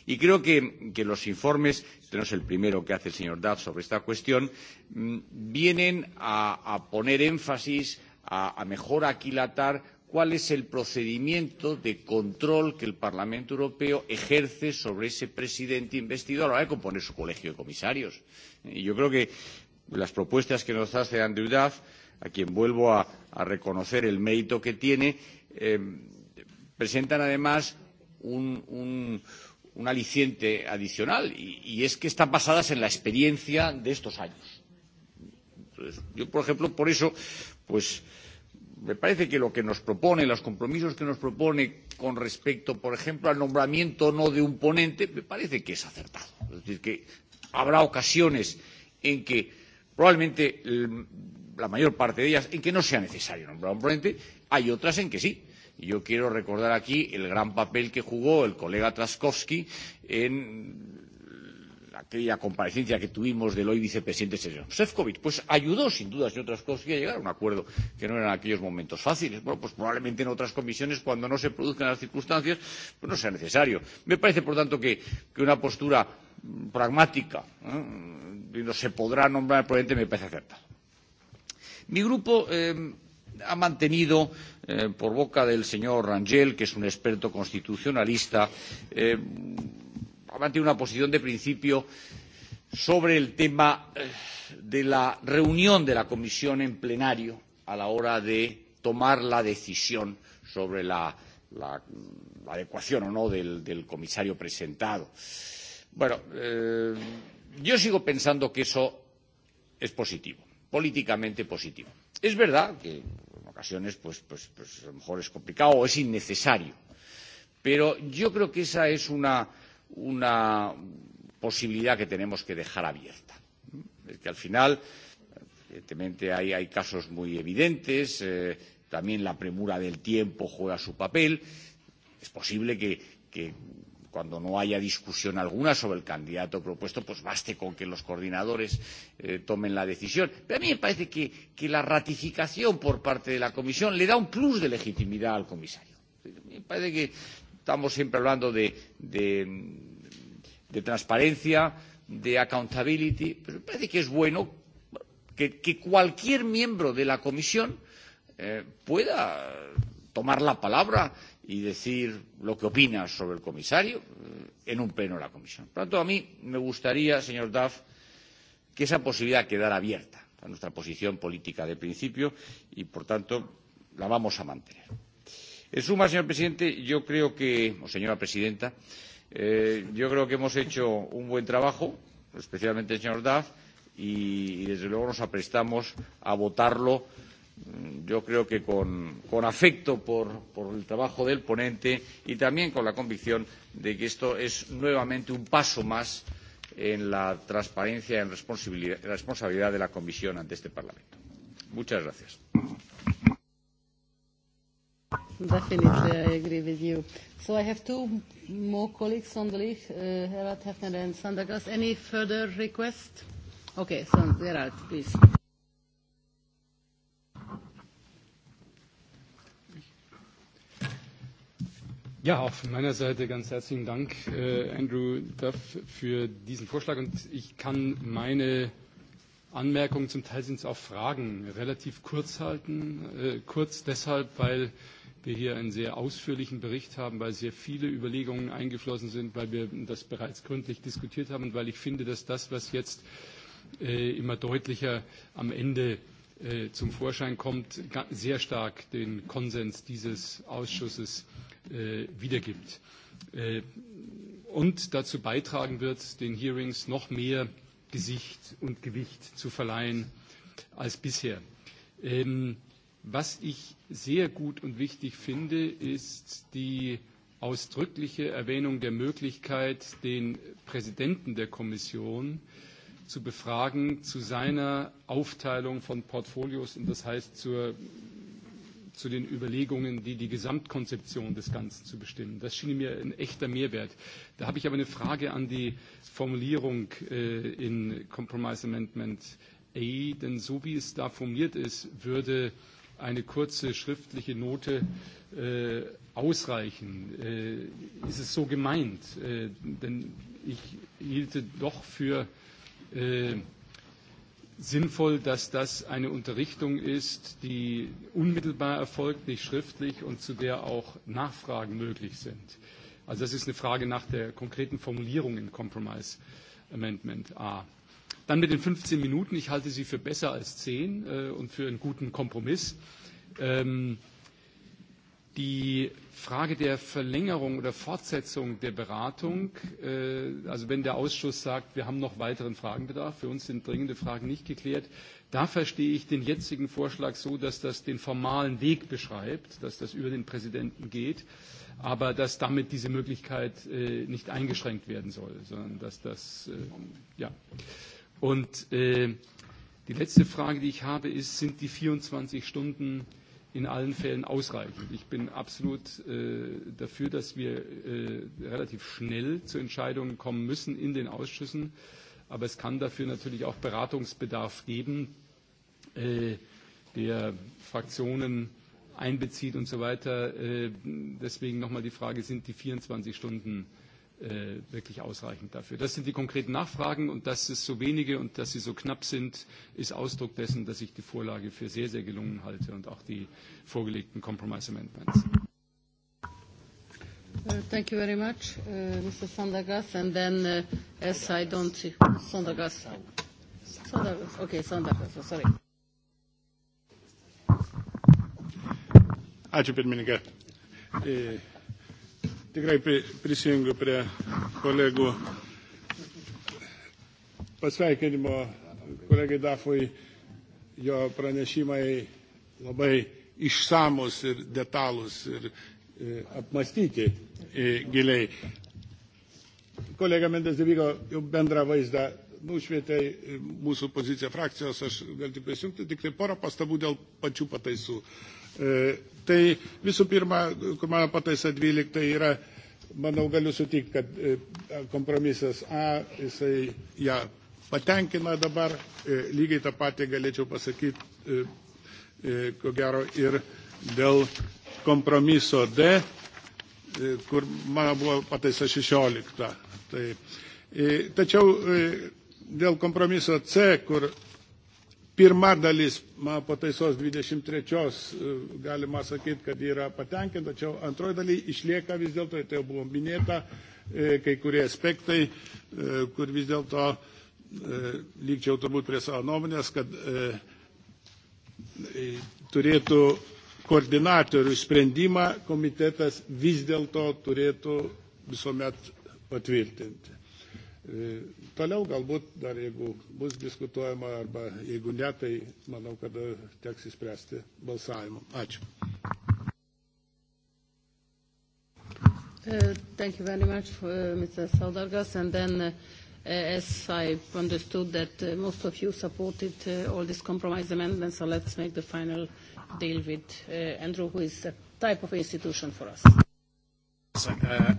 Y creo que, que los informes, este no es el primero que hace el señor Duff sobre esta cuestión, mm, vienen a, a poner énfasis, a, a mejor aquilatar cuál es el procedimiento de control que el Parlamento Europeo ejerce sobre ese presidente investido a la hora de componer su colegio de comisarios. Y yo creo que las propuestas que nos hace Andrew Duff, a quien vuelvo a, a reconocer el mérito que tiene, eh, presentan además un, un, un aliciente adicional, y, y es que están basadas en la experiencia de estos años. Entonces, yo, por ejemplo, por eso, pues, eh, me parece que lo que nos propone, los compromisos que nos propone con respecto, por ejemplo, al nombramiento o no de un ponente, me parece que es acertado. Es decir, que habrá ocasiones en que probablemente la mayor parte de ellas en que no sea necesario nombrar un ponente, hay otras en que sí. Y yo quiero recordar aquí el gran papel que jugó el colega Traskowski en aquella comparecencia que tuvimos del hoy vicepresidente señor Sefcovic, pues ayudó sin duda, entre otras cosas, a llegar a un acuerdo que no eran aquellos momentos fáciles. Bueno, pues probablemente en otras comisiones, cuando no se produzcan las circunstancias, pues no sea necesario. Me parece, por tanto, que, que una postura mm, pragmática, ¿eh? no se podrá nombrar probablemente, me parece acertada. Mi grupo eh, ha mantenido eh, por boca del señor Rangel, que es un experto constitucionalista, eh, ha mantenido una posición de principio sobre el tema eh, de la reunión de la comisión en plenario a la hora de tomar la decisión sobre la, la, la adecuación o no del, del comisario presentado. Bueno, eh, yo sigo pensando que eso es positivo, políticamente positivo. Es verdad que en ocasiones pues, pues, pues a lo mejor es complicado o es innecesario, pero yo creo que esa es una una posibilidad que tenemos que dejar abierta. Es que al final, evidentemente, hay, hay casos muy evidentes, eh, también la premura del tiempo juega su papel. Es posible que, que cuando no haya discusión alguna sobre el candidato propuesto, pues baste con que los coordinadores eh, tomen la decisión. Pero a mí me parece que, que la ratificación por parte de la Comisión le da un plus de legitimidad al comisario. Me parece que Estamos siempre hablando de, de, de transparencia, de accountability, pero me parece que es bueno que, que cualquier miembro de la comisión eh, pueda tomar la palabra y decir lo que opina sobre el comisario eh, en un pleno de la comisión. Por lo tanto, a mí me gustaría, señor Duff, que esa posibilidad quedara abierta a nuestra posición política de principio y, por tanto, la vamos a mantener. En eh, suma, señor presidente, yo creo que, o señora presidenta, eh, yo creo que hemos hecho un buen trabajo, especialmente el señor Duff, y, y desde luego nos aprestamos a votarlo, mm, yo creo que con, con afecto por, por el trabajo del ponente y también con la convicción de que esto es nuevamente un paso más en la transparencia y en responsabilidad, responsabilidad de la Comisión ante este Parlamento. Muchas gracias. Definitely, I agree with you. So I have two more colleagues on the list, uh, Herald Hefner and Sandagas. Any further request? Okay, so Gerald, please. Ja, auch von meiner Seite ganz herzlichen Dank, äh, Andrew Duff, für diesen Vorschlag. Und ich kann meine Anmerkungen, zum Teil sind es auch Fragen, relativ kurz halten. Äh, kurz deshalb, weil wir hier einen sehr ausführlichen Bericht haben, weil sehr viele Überlegungen eingeflossen sind, weil wir das bereits gründlich diskutiert haben und weil ich finde, dass das, was jetzt äh, immer deutlicher am Ende äh, zum Vorschein kommt, sehr stark den Konsens dieses Ausschusses äh, wiedergibt. Äh, und dazu beitragen wird, den Hearings noch mehr Gesicht und Gewicht zu verleihen als bisher. Ähm, was ich sehr gut und wichtig finde, ist die ausdrückliche Erwähnung der Möglichkeit, den Präsidenten der Kommission zu befragen zu seiner Aufteilung von Portfolios und das heißt zur zu den Überlegungen, die die Gesamtkonzeption des Ganzen zu bestimmen. Das schien mir ein echter Mehrwert. Da habe ich aber eine Frage an die Formulierung äh, in Compromise Amendment A, denn so wie es da formuliert ist, würde eine kurze schriftliche Note äh, ausreichen. Äh, ist es so gemeint? Äh, denn ich hielte doch für äh, sinnvoll, dass das eine Unterrichtung ist, die unmittelbar erfolgt, nicht schriftlich und zu der auch Nachfragen möglich sind. Also das ist eine Frage nach der konkreten Formulierung im Compromise Amendment A. Dann mit den 15 Minuten. Ich halte sie für besser als 10 äh, und für einen guten Kompromiss. Ähm, Die Frage der Verlängerung oder Fortsetzung der Beratung, äh, also wenn der Ausschuss sagt, wir haben noch weiteren Fragenbedarf, für uns sind dringende Fragen nicht geklärt, da verstehe ich den jetzigen Vorschlag so, dass das den formalen Weg beschreibt, dass das über den Präsidenten geht, aber dass damit diese Möglichkeit äh, nicht eingeschränkt werden soll, sondern dass das, äh, ja. Und die letzte Frage, die ich habe, ist, sind die 24 Stunden in allen Fällen ausreichend. Ich bin absolut äh, dafür, dass wir äh, relativ schnell zu Entscheidungen kommen müssen in den Ausschüssen. Aber es kann dafür natürlich auch Beratungsbedarf geben, äh, der Fraktionen einbezieht und so weiter. Äh, deswegen nochmal die Frage, sind die 24 Stunden äh, Äh, wirklich ausreichend dafür. Das sind die konkreten Nachfragen und dass es so wenige und dass sie so knapp sind, ist Ausdruck dessen, dass ich die Vorlage für sehr, sehr gelungen halte und auch die vorgelegten Compromise Amendments. Uh, thank you very much, uh, Mr. Sondergass. And then, uh, as I don't see Sondergass. Sondergass. Okay, Sondergass. Oh, sorry. Ačiū pirmininkė. Uh, Tikrai prisijungiu prie kolegų pasveikinimo kolegai Dafui. Jo pranešimai labai išsamus ir detalus ir e, apmastyti e, giliai. Kolega Mendes Devygo jau bendrą vaizdą nušvietė e, mūsų poziciją frakcijos, aš gal tik prisijungti tik tai porą pastabų dėl pačių pataisų. E, tai visų pirma, mano pataisa 12 yra, manau, galiu sutikti, kad e, kompromisas A, jisai ją ja, patenkina dabar, e, lygiai tą patį galėčiau pasakyti, ko gero, ir dėl kompromiso D, kur mano buvo pataisa 16. Tai, tačiau dėl kompromiso C, kur pirma dalis man, pataisos 23 e, galima sakyti, kad yra patenkinta, tačiau antroji daly išlieka vis dėlto, tai jau buvo minėta, e, kai kurie aspektai, e, kur vis dėlto lygčiau turbūt prie savo nuomonės, kad turėtų koordinatorių sprendimą komitetas vis dėlto turėtų visuomet patvirtinti. Toliau galbūt dar jeigu bus diskutuojama arba jeigu ne, tai manau, kad e, teks įspręsti balsavimu. Ačiū. Uh, thank you very much, for, uh, Mr. Saudargas. And then, uh, uh, as I understood that uh, most of you supported uh, all these compromise amendments, so let's make the final deal with uh, Andrew, who is a type of institution for us. So, uh,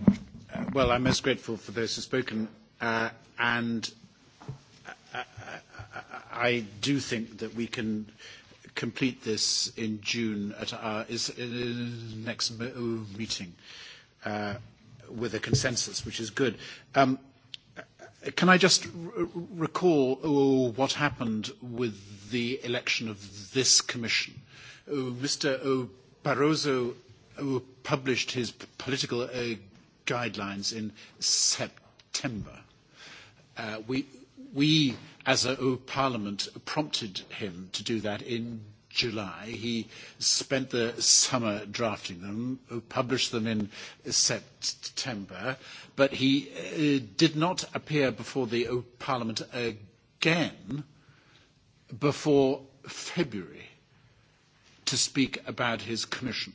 uh well, I'm most grateful for those who have spoken Uh, and I, uh, I, uh, uh, I do think that we can complete this in June at our is, uh, next meeting uh, with a consensus, which is good. Um, can I just recall oh, what happened with the election of this commission? Oh, Mr. Oh, Barroso published his political guidelines in September September. Uh, we, we, as a Parliament, prompted him to do that in July. He spent the summer drafting them, published them in September, but he uh, did not appear before the uh, Parliament again before February to speak about his commission.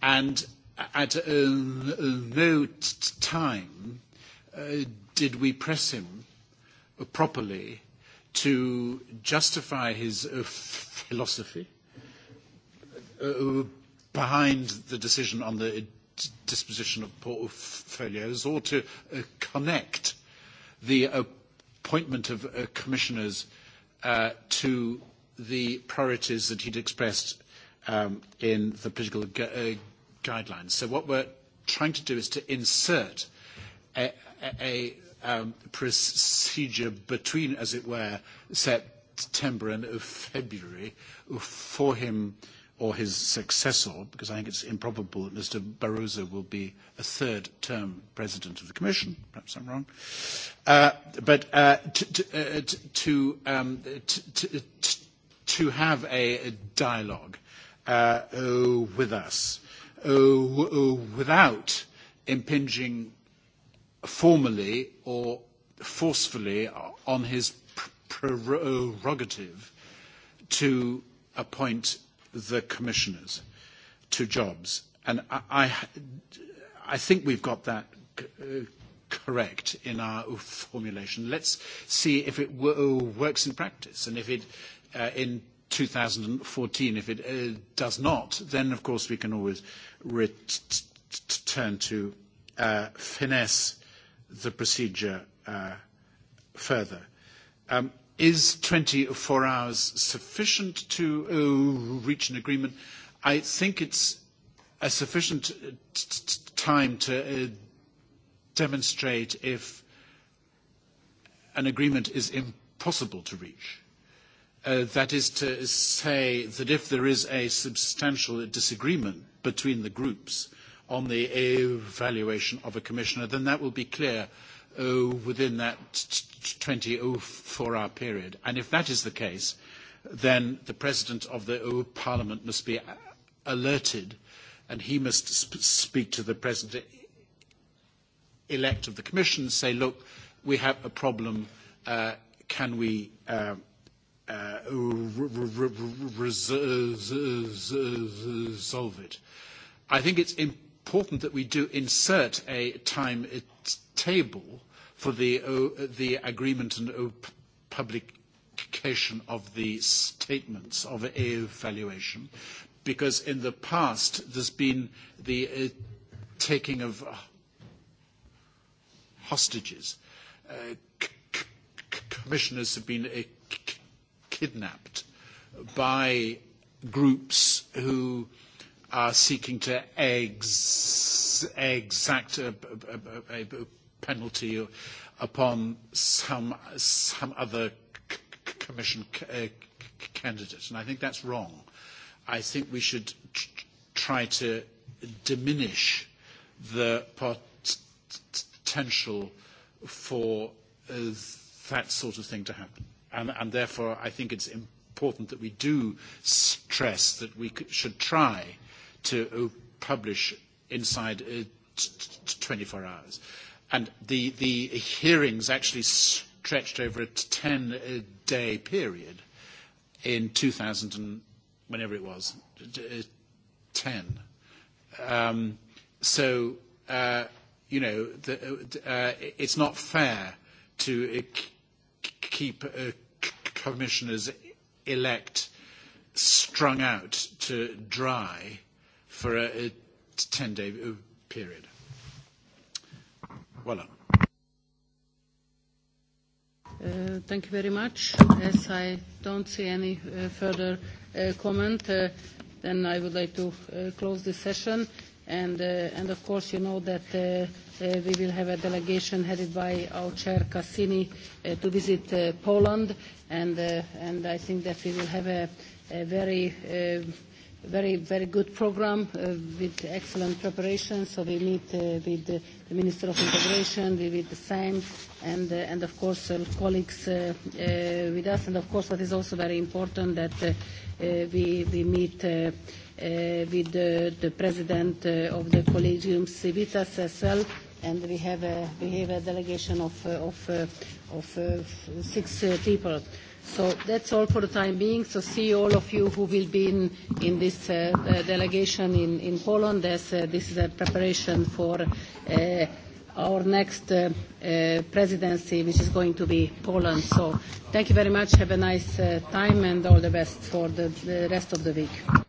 And at uh, no time Uh, did we press him properly to justify his uh, philosophy uh, behind the decision on the uh, disposition of portfolios or to uh, connect the appointment of commissioners to the priorities that he'd expressed um, in the political gu guidelines. So what we're trying to do is to insert a, a um, procedure between, as it were, September and February for him or his successor, because I think it's improbable that Mr. Barroso will be a third term president of the Commission. Perhaps I'm wrong. Uh, but uh, uh, um, to, to, have a dialogue uh, with us uh, without impinging formally or forcefully on his prerogative to appoint the commissioners to jobs. And I, I, I think we've got that uh, correct in our formulation. Let's see if it works in practice. And if it, uh, in 2014, if it uh, does not, then of course we can always return to uh, finesse the procedure uh, further. Um, is 24 hours sufficient to uh, reach an agreement? I think it's a sufficient uh, time to demonstrate if an agreement is impossible to reach. Uh, that is to say that if there is a substantial disagreement between the groups, on the evaluation of a commissioner, then that will be clear within that 24-hour period. And if that is the case, then the president of the parliament must be alerted and he must speak to the president elect of the commission and say, look, we have a problem. can we resolve it? I think it's imp important that we do insert a timetable for the, uh, agreement and uh, publication of the statements of evaluation, because in the past there's been the uh, taking of hostages. commissioners have been kidnapped by groups who are seeking to ex exact uh, a, a, a, penalty upon some, some other commission uh, candidate. And I think that's wrong. I think we should try to diminish the potential for uh, that sort of thing to happen. And, and therefore, I think it's important that we do stress that we should try to uh, publish inside 24 uh, hours. the, hearings actually stretched over a 10-day uh, period in 2000 and whenever it was, 10. Um, you know, it's not fair to keep commissioners elect strung out to dry for a, 10-day uh, period. Voilà. Uh, thank you very much. As I don't see any uh, further uh, comment, uh, then I would like to uh, close this session. And, uh, and of course, you know that uh, uh, we will have a delegation headed by our chair Cassini uh, to visit uh, Poland, and, uh, and I think that we will have a, a very uh, very, very good program uh, with excellent preparation. So we meet uh, with the, the Minister of Integration, we with the same, and, uh, and of course uh, colleagues uh, uh, with us. And of course what is also very important that uh, uh, we, we meet uh, uh, with the, the President uh, of the Collegium Civitas as well, and we have a, we have a delegation of, uh, of, uh, of uh, six uh, people. So that's all for the time being. So see all of you who will be in, this uh, uh, delegation in, in Poland. As, uh, this is a preparation for our next presidency, which is going to be Poland. So thank you very much. Have a nice time and all the best for the rest of the week.